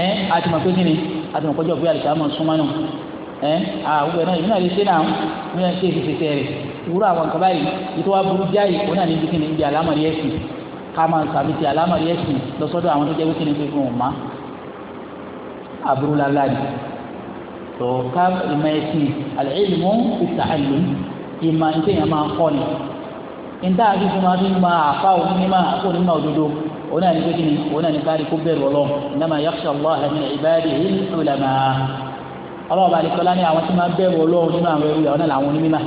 ẹ́n àti mọ̀ pé kí ni àti mọ̀ kọjọ́ bóyá àlùkàmọ̀ súnmọ́nù ẹ́n àwọn ẹ̀ náà ìmúnà lè ṣe náà ìmúnà lè ṣe ìfìfìfẹ́ rẹ̀ wúrọ̀ àwọn kaba yìí ìtọ́wá burú jáì òun náà ní bíkìlì ní ká máa sàbìtì àlámọ̀rí ẹ̀sìn lọ́sọ́dọ̀ àwọn tó jẹ́ wíkì ní fífi wọn má aburú lálá ni tó ká ìmọ̀ ẹ̀sìn al-ilmu bit-ta'allum ìmọ̀ ní sèyàn máa kọ́ ni níta àti fún wa fi máa àfa onímọ̀ àti onímọ̀ òdodo ona ni pé kíni ona káàdì kó bẹ̀rù ọlọ́run innama yakhsha Allaha min ibadihi al-ulama ọlọ́run bá a lè kọ́lá ní àwọn tí máa bẹ̀rù ọlọ́run nínú àwọn ẹrú yà ọ̀nà làwọn onímọ̀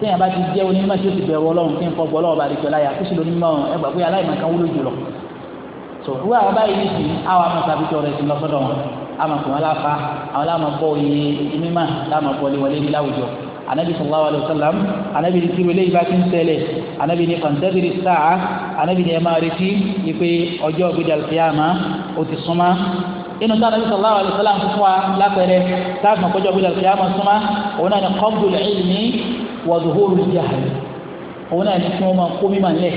téèyàn bá ti jẹ́ onímọ̀ tí ó ti bẹ̀rù ọlọ́run kí n fọ́ gbọ́lọ́ ọba àdìgbẹ́ láyà kó sì lóní mọ́ ẹ gbà pé aláìmọ̀ kan wúlò jùlọ. tó wúwo àwọn báyìí ní ti àwọn amọ̀ta àbíkẹ́ ọ̀rẹ́ ti lọ sọ́dọ̀ wọn amọ̀kùn wọn láfa àwọn lámọ̀kọ́ iye mímọ̀ lámọ̀kọ́ lé wọlé ní láwùjọ. anabi sallallahu alayhi wa sallam anabi ní tiwele yìí bá ti ń ṣẹlẹ̀ anabi ní kọ̀ǹtẹ́bìrì sáà anabi ní ẹ máa retí ipe ọjọ́ ògbéjà kìyàmá ó ti súnmọ́ inú tí anabi sallallahu alayhi wa sallam fún wa lápẹẹrẹ táàbù mọ̀kọ́jọ́ ògbéjà kìyàmá súnmọ́ òun náà ní qabdul ilmi wàdúhóró ti àhàlì òun náà ní kí wọ́n máa kó mímà lẹ̀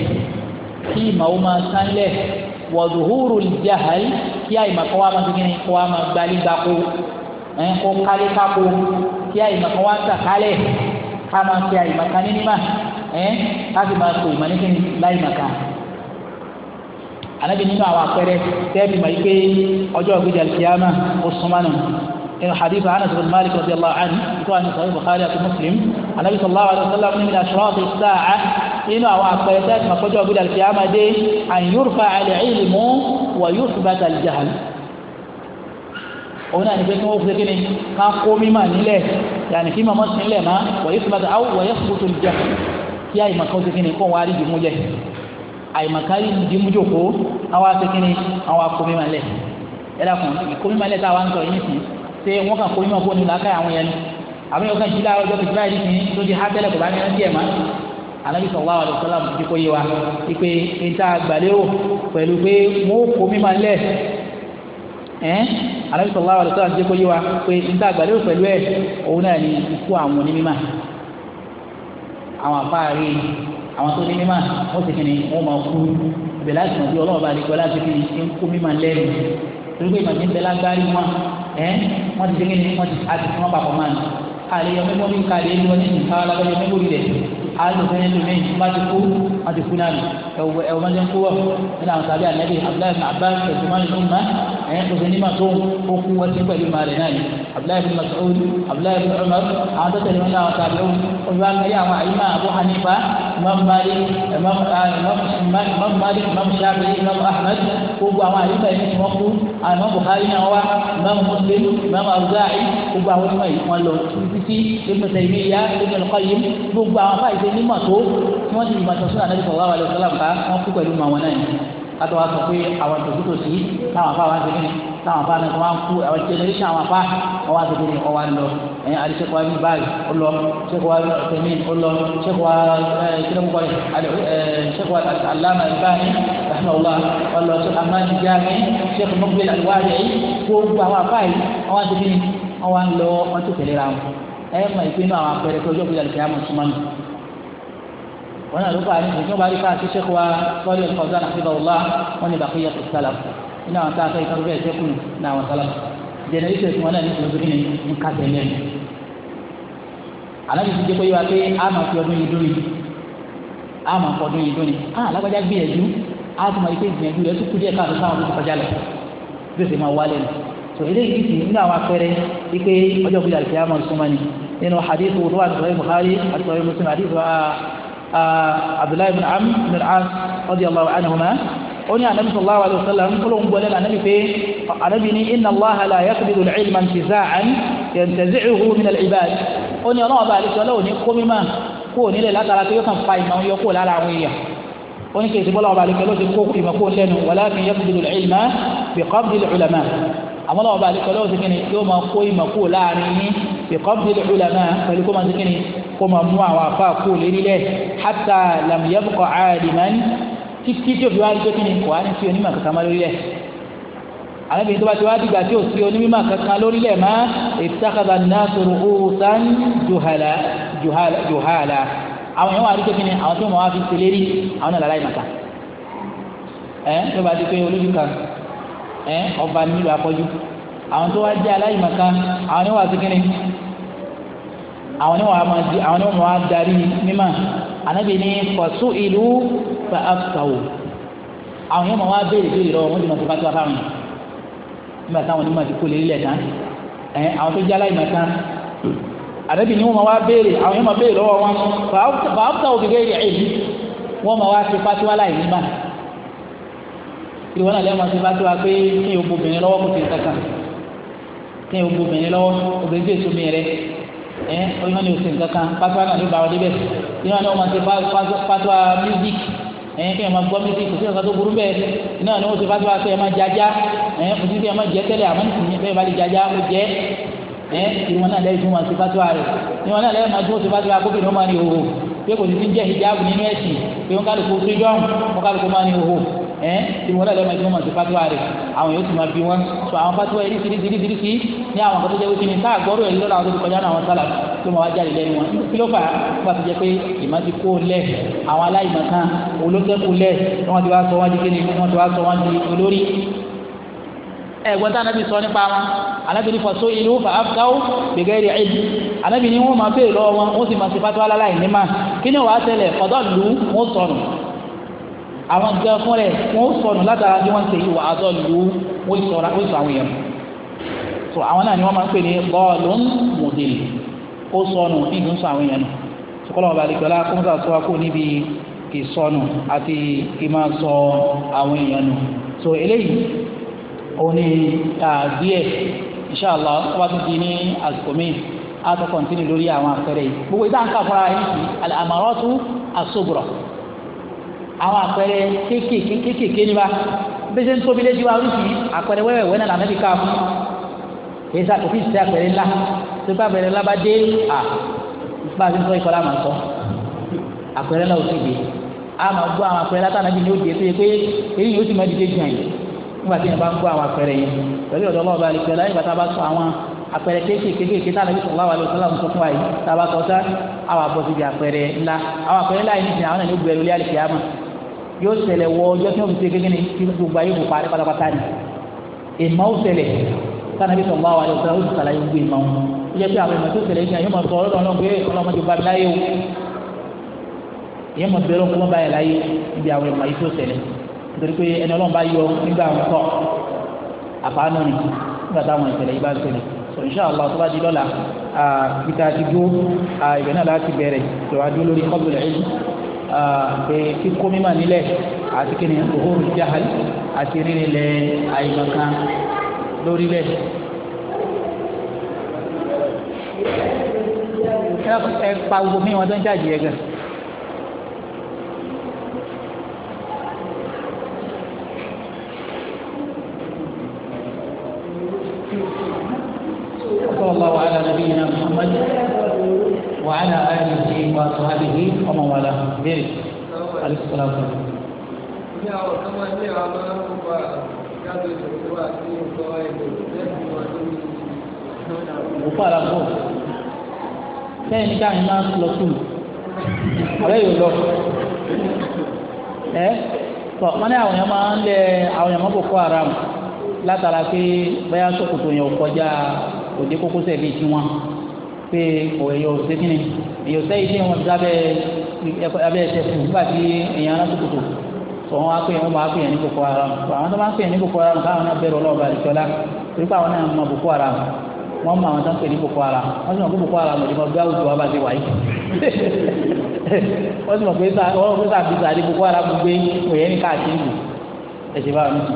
kí ìmà ó máa tán lẹ̀ wàdúhóró ti àhàlì kí àìmà kọ́ wa máa gbé ní kọ́ wa máa gbalí gbàkó ẹ̀ kó kálí kákó kí àìmà kọ́ wa ń tà kálẹ̀ ká máa fi àìmà kan ní nímà ẹ̀ ká máa tó ìmà kí ni láì mà kan nínú àwọn àpẹẹrẹ tẹ́ẹ̀bì mọ̀ yí pé ọjọ́ ògbéjà kìámà ó súnmọ́ náà. إن حديث أنس بن مالك رضي الله عنه يقول عن صحيح البخاري في مسلم النبي صلى الله عليه وسلم من أشراط الساعة إنه أقبيتات ما فجوا بلا القيامة دي أن يرفع العلم ويثبت الجهل هنا نبيت موفد كني قومي ما نله يعني فيما ما نله ما ويثبت أو ويثبت الجهل يا إما كوزي كني كون واري جموجه أي مكاري جموجه أو أتكني أو أقومي ما نله إلا كون يقومي ما نله تاوان كوني ṣé wọ́n kàn kóyún ọ̀pọ̀ nínú akáyà àwọn yẹn ni àbí wọ́n kàn jí láàárọ̀ ọjọ́ kejì báyìí nìyí tó di hátẹ́lẹ̀ kò bá ní ẹni díẹ̀ mọ́ anabi sallallahu alaihi wasallam ti kó yé wa ipe níta gbàlérò pẹ̀lú pé mo kó mi máa lẹ̀ ẹ́ anabi sallallahu alaihi wasallam ti kó yé wa pé níta gbàlérò pẹ̀lú ẹ̀ òun náà ni ikú àwọn onímọ̀ àwọn afáàrí àwọn tó ní mímà wọ́n ti kìnnì wọ́n máa kú ibẹ̀ láti mọ̀ bí ọlọ́ọ̀bá àdìgbò láti fi ń kú mímà lẹ́nu torí pé ìmọ̀ ti ń bẹ wọn ẹ eh? wọ́n ti dégé ni wọ́n ti àti wọ́n papọ̀ máa ní àlè yọ mẹ́gbọ́n mi kàlẹ́ ẹni wọ́n ti sùn káwá lábẹ́ yọ mẹ́gbọ́n mi lẹ̀ àádọ́fẹ́ ẹlòmíì bá ti kú bá ti kú náà ẹ̀wọ̀ ẹ̀wọ̀ máa ń jẹ́ kú wọ̀ nínú àwọn tàbí ànábì abdullahi bin abbas ẹ̀sùnmáàlì ló ń ma ẹ̀ ń tọ́sẹ̀ nígbà tó ó kú wọ́n ti pẹ̀lú màálẹ̀ náà ni abdullahi bin mas'ud abdullahi bin umar àwọn tó tẹ̀lé wọn àwọn tàbí wọn bá ń gbé àwọn àyíká abu hanifa imam malik imam ah, malik imam shafi imam ahmed gbogbo àwọn àyíká yìí ti wọ́n kú àwọn buhari náà wá imam muslim imam awuzai gbogbo àwọn ìmọ̀ yìí wọ́n lọ títí ibùsọ̀ ìmìyà ibùsọ̀ ìkọyìm gbogbo àwọn fáyì ṣe nímọ̀ tó tí wọ́n ti ìmọ̀ tó sọ́nà nípa wàhálà lọ́sọ̀ làǹkà wọ́n kú pẹ̀lú màwọn náà yìí kátó wa sọ pé àwọn tòkítòsí táwọn afá wa ń segin táwọn afá náà wọn kú àwọn jẹnẹrẹsì àwọn afá wọn wá segin ọwọ́ àlọ́ ẹ̀yìn àdìsẹ́kọ̀ọ́ ẹ̀mí báyìí ó lọ sẹ́kọ̀ọ́ tẹ̀mí ó lọ sẹ́kọ̀ọ́ kílẹ̀mùkọ́ sẹ́kọ̀ọ́ aláma ìbáyìí rahma ọlá ọlọ sẹ́kọ̀ọ́ amáyí jáde sẹ́kọ̀ọ́ mọ́gbẹ́lì àlùwárí yìí gbogbo àwọn afá yìí wọn wá segin wọn wá ń lọ wọn tó tẹ̀lé ra wọn wọn náà ló fà ní ìdíjọ́ bá rí fà sí sẹ́kù wa lọ́dún ẹ̀kọ́ ọ̀dọ́ àti bàwùlá wọn ni bàkúyà tó sálà nínú àwọn tá a fẹ́ ìtọ́jú bẹ́ẹ̀ sẹ́kù ní àwọn sálà jẹnẹrétọ̀ tí wọn náà ní ìdíjọ́ ní nǹka tẹ̀lé ẹ̀ alábi ti jẹ́ pé yíwa pé a fi ọdún yìí dún ni a máa ọdún yìí dún ni a alágbájá gbìyànjú a tún gbìyànjú rẹ̀ tó kú abdullahi ibn am ibn al-as radiyallahu anhuma ó ní anabi sallallahu alayhi wa sallam kúlóhùn gbọ́dọ̀ ní anabi pé anabi ní inna allaha la yaqbidu al-ilma intiza'an yantazi'uhu min al-ibad ó ní ọlọ́wọ́ bá àlejò ọlọ́wọ́ ní kómímà kó o nílẹ̀ látara pé yóò kàn fa ìmọ̀ yọ kó o lára àwọn èèyàn ó ní kèsì bọ́lá ọba àlejò ọlọ́wọ́ ti kó ìmọ̀ kó o lẹ́nu walakin yaqbidu al-ilma biqabdi al-ulama àmọ́ ọlọ́wọ́ bá àlejò ti kí ni yóò máa kó ìmọ̀ kó o ìkọ́bí ìlúlànà pẹ̀lú kó máa ti kíni kó máa mú àwọn àfa kú lérílẹ̀ hátà làmúyẹ́bùkọ̀ àdìmánì títí tí òfin wá rí pé kíni kò á ní sí onímọ̀ kankan máa lórílẹ̀ alábìyẹn tó bá ti wá dìgbà tí ò sí onímọ̀ kankan lórílẹ̀ má ìtàkàdà náà sọ̀rọ̀ òòsàn jùhàlà jùhàlà àwọn èèyàn wà rí pé kíni àwọn tí wọn wá fi ṣe lérí àwọn náà láláì màkà ẹ tó bá ti pé olójú kan ẹ ọba nílùú afọjú àwọn tó wá jẹ aláìmọ̀kan àwọn ni wọn wá sí kíni àwọn ni wọ́n máa di àwọn ni wọ́n máa darí mímọ́ ànábì ní fọ̀tún ìlú fẹ́ àfọ̀wò àwọn yóò máa wá béèrè béèrè lọ wọ́n ti máa ti bá tó afáwọn nígbà táwọn onímọ̀ ti kó lè lílẹ̀ tán ẹ̀ àwọn tó jẹ́ aláìmọ̀ tán ànábì ní wọ́n máa wá béèrè àwọn yóò máa béèrè lọ́wọ́ wọn fàáfọ̀wò gẹ́gẹ́ ẹ̀yìn wọ́n máa wá ti pátó aláìmọ̀ ìwọ náà lẹ́yìn ti bá tó wa pé kéèyàn obìnrin lọ́wọ́ kò ti kankan kéèyàn obìnrin lọ́wọ́ obìnrin tó èso mi rẹ̀ ẹ oyún ni òsè nǹkankan pátá náà ló bá wọn débẹ̀ iná ni wọn máa ti pátá music ẹ kí ẹ máa gbọ́ music kò sí nǹkan tó burú bẹ́ẹ̀ iná ni wọn ti pátá kí ẹ máa jaja ẹ kò sí kí ẹ máa jẹ tẹ́lẹ̀ àmọ́ nìyí bẹ́ẹ̀ bá lè jaja ó jẹ ẹ ìwọ náà lẹ́yìn tó máa ti pátá rẹ ìwọ náà lẹ́yìn máa tó ti pátá kókè ni wọn máa ní òhò pé kò sí ti ń jẹ hijab nínú ẹ̀sìn pé wọn kálukú freedom wọn kálukú máa ní òhò ẹ tí wọn lọ́ọ́ mẹ́tí wọ́n mọ̀ sí fatuwa rẹ̀ àwọn yóò tún máa bí wọn tó àwọn fatuwa yìí ti di di di ní àwọn kan tó jẹ́ wípé ní tá àgbọ̀rọ̀ yìí lọ́la àwọn tó ti kọjá náà wọn sálà tó máa wá jáde lẹ́nu wọn kí ló fà á nígbà tó jẹ́ pé ìmọ̀ ti kó lẹ̀ àwọn aláìmọ̀ kan olóṣèkú lẹ̀ wọ́n ti wá sọ wọ́n di kéde wọ́n ti wá sọ wọ́n di olórí ẹ̀gbọ́n tá anabi sọ nípa wọn anabi ní fọṣọ ìlú fàáfáwò gbẹgẹrì ẹdí anabi ní wọn máa bèèrè lọ́wọ́ wọn wọn sì máa ṣe fatwa aláìní máa kí ni wàá tẹlẹ ọ̀dọ́ ìlú àwọn nǹkan fún rẹ̀ wọ́n sọnù látara bí wọ́n ń tẹ̀yí wà á sọ lù ú wọ́n sọ àwọn èèyàn so àwọn náà ni wọ́n máa ń pè ní bọ́ọ̀lù mòdèlì ó sọnù níbi ń sọ àwọn èèyàn nù sọkọlọ ọba àdìgbọlá kó mọ́tà sọ akó níbi ìsọnù àti ìmáa sọ àwọn èèyàn nù so eléyìí òun ni díẹ̀ inṣàlá wọ́n tún ti ní àsìkò míì á tó kọ̀ǹtínì lórí àwọn àpẹẹrẹ yìí gbogbo ìdáǹkà fúnra yìí àmàrọ́tú àsóbùrọ̀ àwọn àpẹẹrẹ kéékèèké kéékèèké níbà bíṣe ń tóbi léjú wa oríṣi àpẹẹrẹ wẹ́wẹ̀wẹ́ náà lànà ìka fún kìí sá òfin ṣe àpẹẹrẹ ńlá tó bá àpẹẹrẹ ńlá bá dé à bá a ti sọ ìkọlá màá sọ àpẹẹrẹ ńlá ò sì gbé a máa gbọ́ àwọn àpẹẹrẹ látàná bí ní ó dìé tó yẹ pé èyí yóò ti máa dìde jù àyè nígbà tí yẹn bá ń gbọ́ àwọn àpẹẹrẹ yẹn pẹ̀lú ọ̀dọ́ ọlọ́ọ̀bá àlùfẹ́ láyé kéékèèké kéékèèké tá a nàbí sọ̀rọ̀ wà lọ́sọ̀rọ̀ àwọn sọ̀kún wáyé tá a bá sọ tán àwọn àbọ̀ síbi ńlá àwọn àpẹẹrẹ ńlá yìí nìyẹn àwọn náà ó gbẹ̀rù lé àlùfẹ́ àmọ́ yóò ṣẹlẹ̀ wọ ọjọ́ tí wọ́n fi ṣe gẹ́gẹ́ ní kí gbogbo ayé kò parí pátápátá ni ìmọ̀ ó ṣẹlẹ̀ sanabi sọ̀rọ̀ wa ló sọ̀rọ̀ ó sì ṣàlàyé gbogbo ìmọ̀ wọn ó jẹ́ pé àwọn ìmọ̀ tó ṣẹlẹ̀ yìí yóò máa sọ ọlọ́dọ̀ ọlọ́run pé ọlọ́run ti bá mi láyé o ìyẹn mọ̀ bẹ̀rẹ̀ ọkùnrin báyìí láyé níbi àwọn ìmọ̀ yìí tó ṣẹlẹ̀ nítorí pé ẹni ọlọ́run bá yọ nígbà wọn kọ́ àfáànù ni nígbà táwọn ìṣẹ̀lẹ̀ yìí bá ṣẹlẹ̀ so inshàlá tó bá di lọ́la peter ti dúró ibẹ̀ náà láti bẹ̀rẹ̀ tó wá dúró lórí kọ́bùlù ẹ̀yìn pé kíkó mímà nílẹ̀ àti kí ni òhòrò jahal àti rírì lẹ̀ àyìnbọ̀kan lórílẹ̀. ẹ pa gbogbo mi wọn tó ń jáde yẹ gan. صلى الله على نبينا محمد وعلى آله وأصحابه ومن والاه بيري عليه الصلاة والسلام òkú àlàfo sẹ́yìn ní káyìn máa ń lọ sùn ọ̀rẹ́ yóò lọ ẹ́ tọ́ wọ́n ní àwọn èèyàn máa ń lẹ àwọn èèyàn máa bò kó ara mu látara pé bóyá sọ́kòtò yẹn ò kọjá òde kókósẹ̀ bíi tiwọn pé òye ò ṣe kíni èyí ò sẹ́yìn tí wọ́n ti dábẹ́ abẹ́ ẹsẹ̀ fún nígbà tí èèyàn aná tòkòtò tó wọn á pè wọn máa pè yẹn ní Boko Haram tó àwọn tó máa ń pè yẹn ní Boko Haram káwọn náà bẹ̀rù ọlọ́ọ̀bà àdìsọ́lá torí pé àwọn náà mọ Boko Haram wọ́n mọ àwọn tó ń pè ní Boko Haram wọ́n sì mọ̀ pé Boko Haram ò ní mọ bí àwùjọ wa bá ti wáyé wọ́n sì mọ̀ pé wọ́n pè sàbísà ní Boko Haram gbé òye ní káàkiri ìlú ẹ̀sìn báwọn nìyí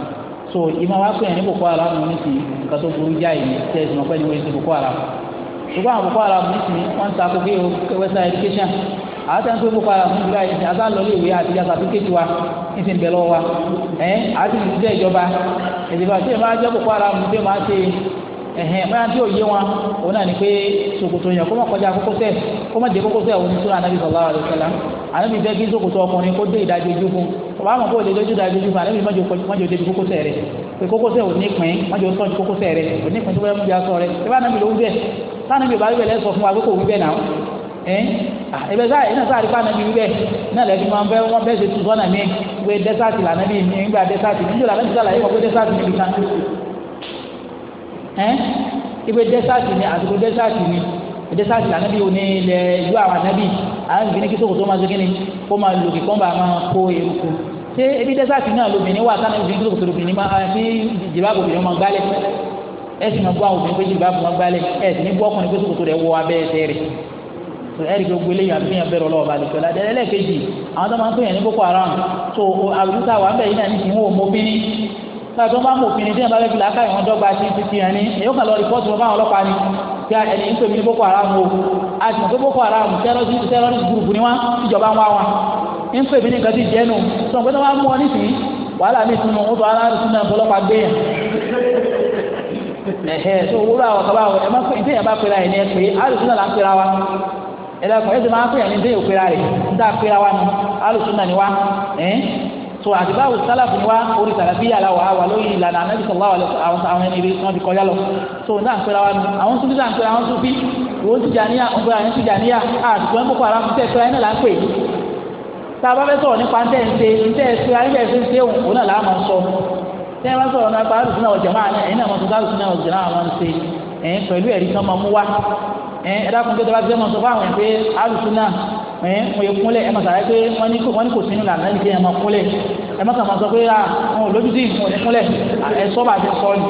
so ìmọ̀ wá pè yẹn ní Boko Haram nìyí nǹkan tó burú jáì ní tẹ́sí mọ̀ pé ní wọ́n ti ṣùgbọ́n àwọn boko haram nísìnyí wọ́n ń ta kó kéwò western education àwọn tó ń pè boko haram níbi láyé àti àlọ́lé ìwé àti ìjà sàtúkẹ́tì wa ní ti ń bẹ̀ lọ́wọ́ wa ẹ̀ àti ìdílé ìjọba ìdìbò àti ìmọ̀ àjọ boko haram níbi máa ṣe ẹ̀hẹ̀n mọ́ra tí ò yé wọn òun náà ni pé ṣòkòtò yẹn kó má kọjá kókósẹ̀ kó má dé kókósẹ̀ òun ní sọ́nà anábì sallallahu alaihi wasallam anábì fẹ́ kí ṣòkòtò ọkùnrin kó dé ìdájọ́ ojú fún ọba àmọ́ kó o lè lójú ìdájọ́ ojú fún anábì mọ́jọ débi kókósẹ̀ rẹ̀ pé kókósẹ̀ ò ní pín mọ́jọ sọ́ọ̀jù kókósẹ̀ rẹ̀ ò ní pín tó fẹ́ mú sáà níbi ìbáwí bẹ̀rẹ̀ sọ fún wa pé kò wí bẹ́ẹ̀ náà ẹ́n ẹ̀bẹ̀ sáà iná sáà rí pàánà bí wí bẹ́ẹ̀ iná lẹ́bi máa ń bẹ́ wọ́n bẹ́ẹ̀ ṣe tuntun ọ̀nà mi wé dẹ́sáàtì lànà bí mi ń gba dẹ́sáàtì níjọ́ lànà bí sàlàyé wọ́n pé dẹ́sáàtì mi kan ẹ́n ibi dẹ́sáàtì ni àsìkò dẹ́sáàtì ni dẹ́sáàtì lànà bí òní ilẹ̀ ìlú àwọn ànábì àwọn ìgbìnní kí sókòtò máa ṣe kíni kó máa lò kí kọ́ńbà kó eruku ṣé ebi dẹ́sáàtì náà lóbìnrin wà sánà ìgbìnní kí sókòtò lóbìnrin máa ti jìbá ẹsìn máa gbọ́ àwọn obìnrin pé jìbá fún agbálẹ̀ ẹsìn ní gbọ́ ọkùnrin pé sòkòtò rẹ̀ wọ abẹ́ ẹsẹ̀ rẹ̀ tó ẹ̀rí gbogbo eléyìí àbíyàn bẹ̀rẹ̀ ọlọ́wọ́ balẹ̀ pẹ̀lú adé ẹlẹ́ẹ̀kejì àwọn tó máa ń pè yàn ní Boko Haram tó àbúrúta wà bẹ́ẹ̀ yìí náà ní ìwọ̀n mọ́bìnrin táwọn tó máa ń mọ̀bìnrin tí ìyàbá bẹ́ẹ̀ láká ìwọ̀n dọ́gba sí ti ti yàn ní èyí ó kà lọ rìpọ́ọ̀tù wọn fáwọn ọlọ́pàá ni kí ẹni ń pè mí ní Boko Haram o a sì mọ̀ pé Boko Haram terrorist group ni wọ́n ìjọba ń wá wọn ń pè mí ní nǹkan tí jẹ́nu sọ̀rọ̀ pé tó máa ń mú ọ nísìnyí wàhálà ní ìsinmi wọn tó aláàrùn sínú ọ̀pọ̀lọpàá gbé yàn ẹ̀hẹ́ tó wúrọ̀ àwọn kaba àwọn ẹ̀ máa pè ntẹ́yìn bá pera ẹ̀ ní ẹ̀ pé alùsùn náà là ń pera wa ẹlẹ́kùn ẹ̀ sì máa pè ẹ̀ ní ntẹ́yìn òpera rẹ̀ níta pera wa ni alùsùn náà ni wa ẹ̀ tó àdìbáwò sálàfù ni wa orí sàlàfíà la wà wà lórí ìlànà anábì sọ̀lá wà àwọn àwọn ẹni ibi wọn ti kọjá lọ tó pera wa ni àwọn tó pera wọn fi ti jàníyà a bá fẹ́ sọ̀rọ̀ nípa ń ń tẹ́ ẹ bá sọ̀rọ̀ náà pàrọ̀ sínú àwọn jàmáà náà ẹ̀yin náà mọ̀ tó dáàbò sínú àwọn jàmáà wọn ṣe ẹ̀yin pẹ̀lú ẹ̀rí kan máa mú wá ẹ̀yin ẹ̀dá kun tó tó bá ti mọ̀ sọ fún àwọn ẹ̀ pé àrùsùn náà ẹ̀yin mo yẹ kúnlẹ̀ ẹ̀ mọ̀ sàrẹ́ pé wọ́n ní kò sínú làná ní kí ẹ̀ mọ̀ kúnlẹ̀ ẹ̀ mọ̀ sàmọ̀ sọ pé àwọn olójúdì wọn ní kúnlẹ̀ ẹ̀ sọ́ bá ti sọ ni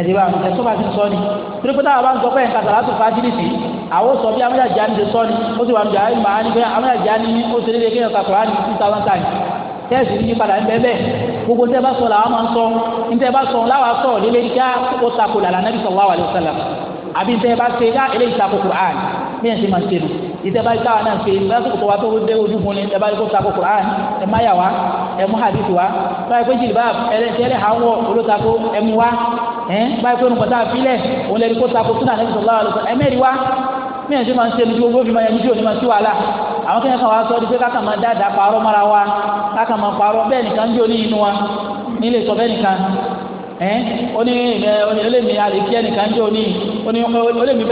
ẹ̀dìbà ẹ̀ sọ́ bá ti sọ ni torí pé táwọn bá ń sọ pé ẹ̀ka sàlátù fájìlì sí àwọn sọ bí amúyà jáni ti sọ ni ó sì wà ní jàre màá ní pé amúyà jáni ó ti rí gbogbo tẹ́ bá sọ làwọn máa ń sọ ntẹ́ bá sọ láwọn sọ lílé ká ó takò làlà nàbí sallallahu alaihi wasallam àbí ntẹ́ bá ṣe ká eléyìí takò Qur'an bíyẹn ti máa ṣe nù ìtẹ́ bá káwọn náà ṣe lásìkò tó wá tó dé ojúbun ni ẹ bá kó takò Qur'an ẹ má yà wá ẹ mú hadith wá báyìí pé jìlì bá ẹlẹ́tẹ́lẹ́ à ń wọ olótakò ẹ mú wá báyìí pé nùpọ̀tà fílẹ̀ òun lẹ́ni kó takò sunnah nàbí sallallahu alaihi wasallam ẹ mẹ́rin wá bí yẹn ṣe máa ń ṣe lójú owó fi máa yẹn lójú òní máa ti wàhálà àwọn kẹ́yìn kan wá sọ ọ́ di pé káka máa dáadáa parọ́ mọ́ra wa káka máa parọ́ bẹ́ẹ̀ nìkan ń jó ní inú wa nílé sọ bẹ́ẹ̀ nìkan ẹ́ ó ní olémi àlèkí ẹnìkan ń jó ní ó ní olémi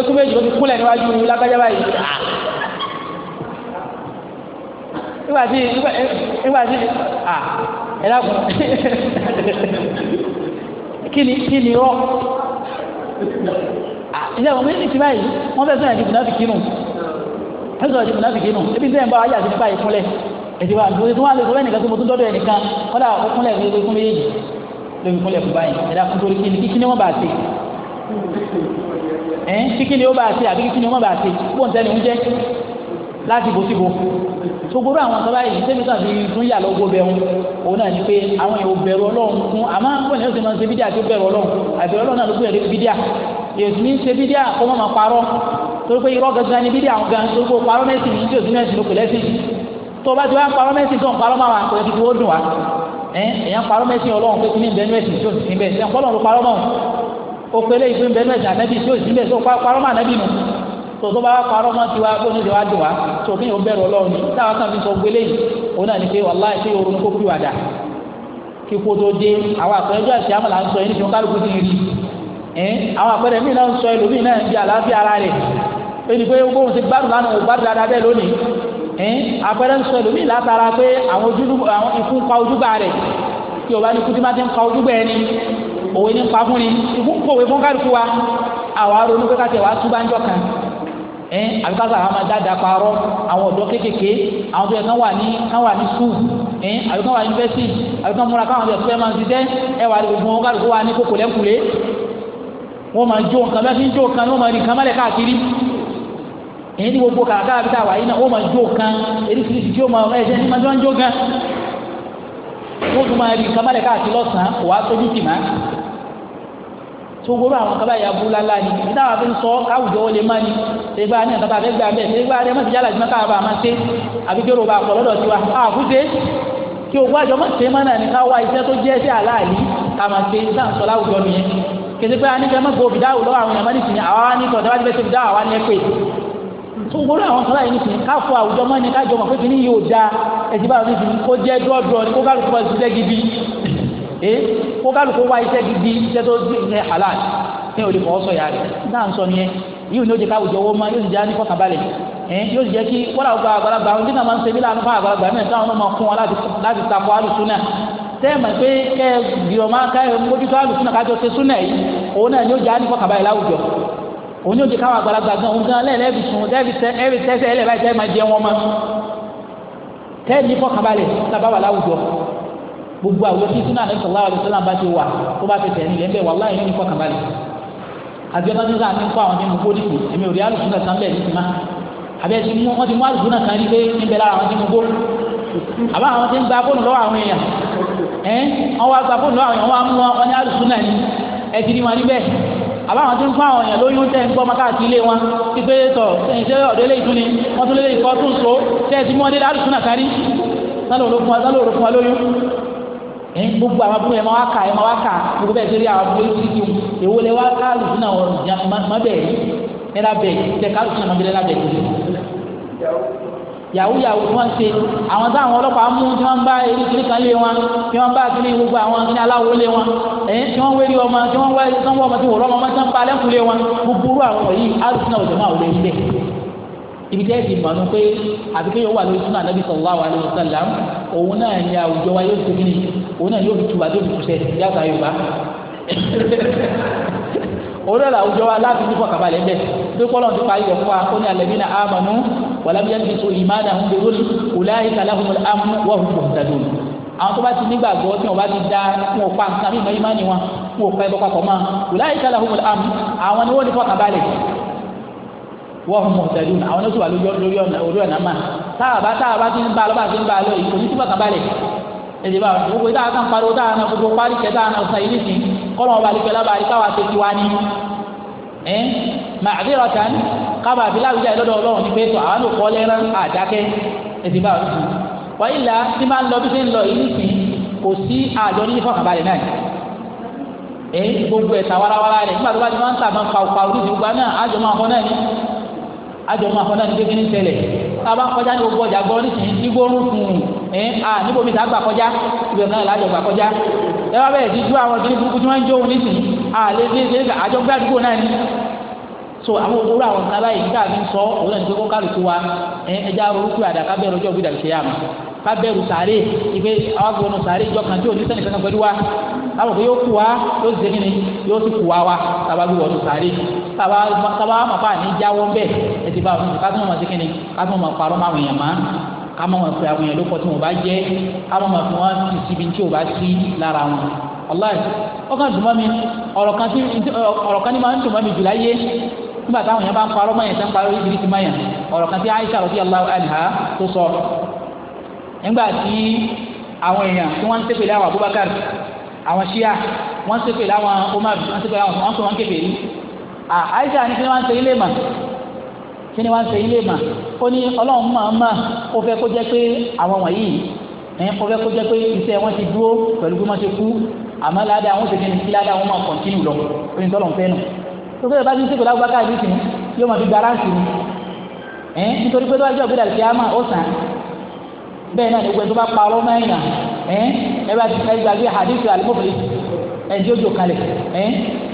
ekú méjì ló fi kúnlẹ̀ níwájú lágbájá báyìí nígbà tí nígbà tí ẹ dákun kí ni kí ni rọ ilé àwọn méjì ti báyìí wọ́n fẹ́ sọ̀rọ̀ ìdìbò náà fi kírun wọ́n sọ̀rọ̀ ìdìbò náà fi kírun ebi sẹ́yìn bá wáyé àti nípa ìkúnlẹ̀ èdè wa nítorí tí wọ́n lè sọ̀rọ̀ ẹnìkan tó mo tún dọ́dọ̀ ẹnìkan wọ́n dà ó kúnlẹ̀ lórí kún méjèèjì lórí kúnlẹ̀ kún báyìí ẹ̀dá kún torí kíni kíkíni wọ́n bá ṣe ẹ̀ kíkíni ó bá ṣe àbí kíkíni wọ́n bá ṣe bó ń tẹ́lẹ̀ ń jẹ́ láti bòsíbò sogoro àwọn sọ báyìí sẹ́mi tó àti tún yà lọ́gbọ́ bẹ̀rù òun náà ni pé àwọn èèyàn ò bẹ̀rù ọlọ́run fún àmọ́ àwọn èèyàn ti máa ń ṣe bídíà tó bẹ̀rù ọlọ́run àbẹ̀rù ọlọ́run náà ló gbé ẹ̀rí bídíà èsì ní ṣe bídíà kó má máa parọ́ torí pé irọ́ gangan ni bídíà gan torí pé parọ́ mẹ́sìn ní jòsí mẹ́sìn ló pè lẹ́sìn tó o bá ti wá parọ́ mẹ́sìn tó ń parọ́ máa wà pé kí wọ́n dùn wá èèyàn parọ́ mẹ́sìn ọlọ́run pé kí ní bẹ́ẹ̀ mẹ́sìn tó sì bẹ́ẹ̀ sẹ́yìn kọ́lọ́run parọ́ mọ́ o pé léyìí pé bẹ́ẹ̀ mẹ́sìn ànábì tó sì bẹ́ẹ̀ tó parọ́ mọ́ ànábì nù tó tó bá parọ́ mọ́ tiwa kó ní ìwà dùn wá tó kí yóò bẹ̀rù ọlọ́run ní táwọn kan fi sọ gbé léyìí òun náà ni pé wàláì ṣé yorùbá kó kúrò àdá kíkó tó dé àwọn àpẹẹrẹ ọjọ́ àti àmàlà ń sọ yìí nítorí kálukú ti àwọn àpẹẹrẹ míì náà ń sọ ẹlòmíì náà ń di àlàáfíà ara rẹ̀ pé ní pé bóun ti gbádùn lánàá òun gbádùn dáadáa bẹ́ẹ̀ lónìí àpẹẹrẹ ń sọ ẹlòmíì látara pé àwọn ikú ń pa ojúgbà rẹ̀ tí o bá ní kúti má ti ń pa ojúgbà ẹni òwe ní pa fún ni ikú ń pòwe fún kálukú wa àwa ronú pé káṣí wa túbá ń jọ kan àbí káṣí àwọn máa dáadáa parọ́ àwọn ọ̀dọ́ kéékèèké àwọn tó yẹ kán wà ní kán wà ní skul àbí kán wà ní yunifásitì àbí kán múra káwọn ọ̀dọ́ tó yẹ máa ń ṣiṣẹ́ ẹ wà ní gbogbo wọn kálukú wa ní kókò lẹ́kùlé wọ́n máa jó nǹkan bẹ́ẹ̀ fi ń jó nǹkan ní wọ́n máa rí nǹkan mọ́lẹ̀ káàkiri èyí ní gbogbo kàkàrà bí táwa yìí náà wọ́n máa jó nǹkan eréṣiríṣi tí ó máa ẹ̀jẹ̀ ní máa ń jó gan wọ́n tún máa rí nǹkan mọ́lẹ̀ káàkiri lọ́sàn-án kò wá tójú tì má tó gbogbo àwọn kaba yà bú lálá ni ní táwa fi ń sọ káwùjọ wọlé má ni ṣègbà ní àtàbà fẹ́ gbà bẹ́ẹ̀ ṣègbà ní ẹ̀mọ́sí yálà jùmọ̀ káwa bá a máa ṣe àbí kí yorùbá pọ̀ lọ́dọ̀ tiwa àkúṣe kí òkú àjọmọ̀ ṣe má náà ní káwa iṣẹ́ tó jẹ́ sí àlàálí ká máa ṣe sáà ń sọ láwùjọ nìyẹn kèsì pé a ní kẹ́ mọ́gbọ́ òbí dáhùn lọ́wọ́ àwọn èèyàn ní ìsìn àwa ní ìtọ̀ tẹ́wájú bẹ́sẹ̀ dáhùn àwa ní ẹ pé tó gbóró àwọn kan láyé nísìnyí ká fọ àwùjọ mọ́ ni kájọ mọ̀ pé kìíní yóò da ẹ̀sì báwọn nísìnyí kó jẹ́ gidi ẹ kó kálukú gidi iṣẹ́ tó ní halal ní òde fọwọ́ sọ yàrá náà ń sọ nìyẹn yóò ní ó jẹ́ káwùjọ owó mọ́ yóò sì jẹ́ ní fọkànbalẹ̀ yóò jẹ́ kí wọ́n àwọn àgbàlagbà àwọn nígbà máa ń ṣe bí láàánú fún àgbàlagbà náà táwọn náà kún wọn láti takò àlùsùn náà tẹ́ẹ̀mọ̀ pé kẹ́ ẹ gbìyànjú ká ẹ mójútó àlùsùnà kájọ ṣe súnà yìí òun náà ni ó já ní fọkàbá yìí láwùjọ òun ni ó jẹ káwọn àgbàlagbà gan òun gan lẹ́ẹ̀lẹ́bì sùn lẹ́ẹ̀bì tẹ́sẹ̀ ẹlẹ́bà ìtẹ́ máa jẹ wọn mọ́ tẹ́ẹ̀mí fọkàbá rẹ̀ sábà wà láwùjọ gbogbo àwọn tí súnà àlẹ́ sọ̀lá bá ti wà tó bá àbá àwọn tí ń gba fóònù lọ́wọ́ àwọn èèyàn ẹ́ wọ́n wá gba fóònù lọ́wọ́ àwọn èèyàn wọ́n á mú wọn ní àlùsùn náà ni ẹ ti ní wọn níbẹ̀ àbá àwọn tí ń fún àwọn èèyàn lóyún tẹ́ ń gbọ́ ọmọ káàkiri ilé wọn ti pé tọ̀ sẹ́yìn tẹ́ ọ̀dọ́ ilé ìtúni wọ́n tún lé ikọ́ tún so tẹ́ ẹ ti mú wọn dé àlùsùn náà kárí sálọ̀ olókun wa sálọ̀ olókun wa lóyún yahoo yahoo tí wọ́n ṣe àwọn amụ ọlọ́pàá mú tí wọ́n bá eré kiri kan lé wọn tí wọ́n bá kiri gbogbo àwọn kiri aláwo lé wọn ẹ̀yìn tí wọ́n wéri ọmọ tí wọ́n wáyé tí ọmọ tí wọ́n ọmọ tí wọ́n lẹ́kùn lé wọn gbogbo àwọn wọ̀nyí alùpùpù náà òjòmọ́ àwọn olóyìn ibi tẹ́ ẹ ti mọ̀ pé àbí wà lórí òun náà làwùjọ wa láti ní fọkàbalẹ̀ bẹ́ẹ̀ bí kọ́lọ́n ti parí ẹ̀fọ́ akóni alẹ́mínà àmọ́nú wàlábíyá ti so ìmáàdà ń bẹ̀rù ní wùláyé kàláhùn amú wọ́hùn kòtàdùn. àwọn tó bá ti nígbàgbọ́ tí wọ́n bá ti da fún ọ̀pá nǹkan mímọ́ ìmánì wọn fún ọ̀pá ẹ̀bọ́ papọ̀ mọ́ wùláyé kàláhùn amú àwọn ni wọ́n ní fọkàbalẹ̀ wọ́hùn mọ̀tẹ́dùn àwọn ló sì wà lórí ọ̀nà mà táàbá táàbá ti ń bá lọ́ba ti ń bá lọ ìkòyí sí fọkàbalẹ̀ èdè bá wọn gbogbo táwọn kan pariwo táwọn náà gbogbo parí kẹ táwọn náà sàn yìí nìsín kọ́nà ọba àlekẹ́ lábàá àlekẹ́ àwọn àti tiwa ni ẹ màdé rọtàn kábà àbí láwùjá ìlọ́dọ̀ ọlọ́run ní pẹ́ẹ́tọ̀ àwọn ò kọ́ lẹ́rán àdákẹ́ èdè bá wọn. wọ́n yìí la tí máa ń lọ bí ṣe ń lọ yìí nìsín kò sí àjọ ní ìfọ̀kànbalẹ̀ náà ẹ gbogbo ẹ̀ta warawara rẹ̀ nígbà tó bá ti máa ń tà máa ń fa náà àjọ máa fọ́ náà ni àjọ máa fọ́ náà ni gbégbé ní tẹ̀lẹ̀ tá a bá kọjá ní gbogbo ọjà gbọ́ nísìnyí gbígbórùn fún un ẹ eh, à ah, níbo mi ta gbà kọjá ibẹ̀ náà lájọ gbà kọjá ẹ wá bẹ̀rẹ̀ sí ju àwọn kiri burúkú tí wọ́n ń jó òun nísìnyí à lè lè lè àjọ gbé àdúgbò náà ni so àwọn owó àwọn nǹkan báyìí nígbà mi ń sọ òun náà ní pé kó kálukú wa ẹ ẹja orúkú àdá kábẹ́rù ọjọ́ òbí dàbí ṣe yá mi kábẹ́rù sàárè ìgbé àwọn agbóhùn sàárè ìjọ kan tí ò ní sẹ́ni kankan pẹ̀lú wa láwọn òkú yóò kú wa yóò ṣe kí ni yóò sì kú wa wa tàbá gbé wọnú sàárè tàbá tàbá màpá ní jáwọ́ ń bẹ̀ ẹ ti bá wọn ká tún mọ̀ sí kí ni ká tún mọ̀ parọ́ máa wọ̀nyàn máa Kama má wọn pe àwọn èèyàn ló kọ tí wọn bá jẹ ká má wọn fi wọn ti síbi tí wọn bá sí lára wọn ọláì ọkàn dùnmọ́ mi ọ̀rọ̀ kan tí ọ̀rọ̀ kan ní máa ń dùnmọ́ mi jù láyé nígbà táwọn èèyàn bá ń parọ́ mọ́yàn tán parọ́ ìdílé ti mọ́yàn ọ̀rọ̀ kan tí Aisha radiyallahu anha tó sọ nígbà tí àwọn èèyàn tí wọ́n ń ṣépè láwọn Abubakar àwọn Shia wọ́n ń ṣépè láwọn Umar wọ́n ń ṣépè láwọn wọ́n ń pè wọ́n kébè Aisha ni kí wọ́n ń ṣe ilé mà kí ni wá ń ṣe ilé mà ó ní ọlọ́run máa mà ó fẹ́ kó jẹ́ pé àwọn wọ̀nyí ẹ̀ ó fẹ́ kó jẹ́ pé iṣẹ́ wọn ti dúró pẹ̀lú bí wọ́n ti kú àmọ́ ládàá wọn ti kí ni kí ládàá wọn máa kọ̀ntínú lọ ó ní tọ́lọ̀ ń fẹ́ nù tó fẹ́ bá ti ń sèkò lágbáká ìlú sìn yóò máa fi gbára sí ni ẹ̀ nítorí pé tó bá jẹ́ òkúta ìkíyàmà ó sàn bẹ́ẹ̀ náà ni gbogbo tó bá pa ọlọ́mọ ẹ̀yàn ẹ̀ ẹ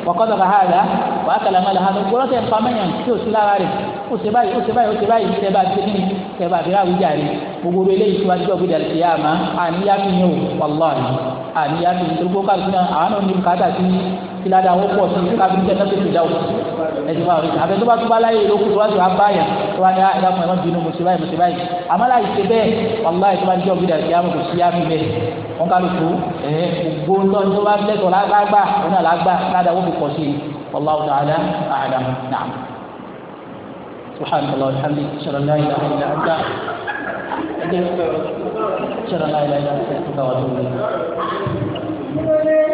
wọ́kọ́dọ̀ ka hàlà wàá kàlà má la hàlà gbọ́dọ̀ tẹ̀ nfa mẹ́yàn tí o ti lára rẹ̀ o ṣe báyìí o ṣe báyìí o ṣe báyìí tẹ̀ bá ti ní tẹ̀ bá bẹ̀rẹ̀ àwùjá rẹ̀ gbogbo eléyìí tí wàá ti dọ̀gbé dàlẹ́ ìyá àmà àníyá mi yóò wàlláhi àníyá mi tó gbó káàdùn náà àwọn náà ní bùkátà sí ìlàdà àwọn pọ̀ sí káàdùn tẹ̀ náà tó ti dáwọ̀ ẹ̀sìn wa ọ̀rẹ́sìn àbẹ tó bá tó bá láyé lókù tó bá tó bá báyà tó bá ní ah, ẹ̀dá fún ẹ̀rọ bínú mùsùlùmí báyìí mùsùlùmí báyìí àmọ́ láì ṣe bẹ́ẹ̀ wàlláhi tó bá ní dọ̀gbé dàlẹ́ ìyá àmà kò sí yá mi bẹ́ẹ̀ wọn kálukú ẹ̀ gbogbo ńlọ tó bá lẹ́tọ̀ọ́ lágbà ọ̀nà lágbà ládàá wọ́pọ̀ pọ̀ sí wallahu ta'ala a'lam na'am. subhanahu wa ta'ala ṣàlàyé ìlànà ìlànà ẹgbẹ́ ṣàlàyé ìlànà ìlànà ìlànà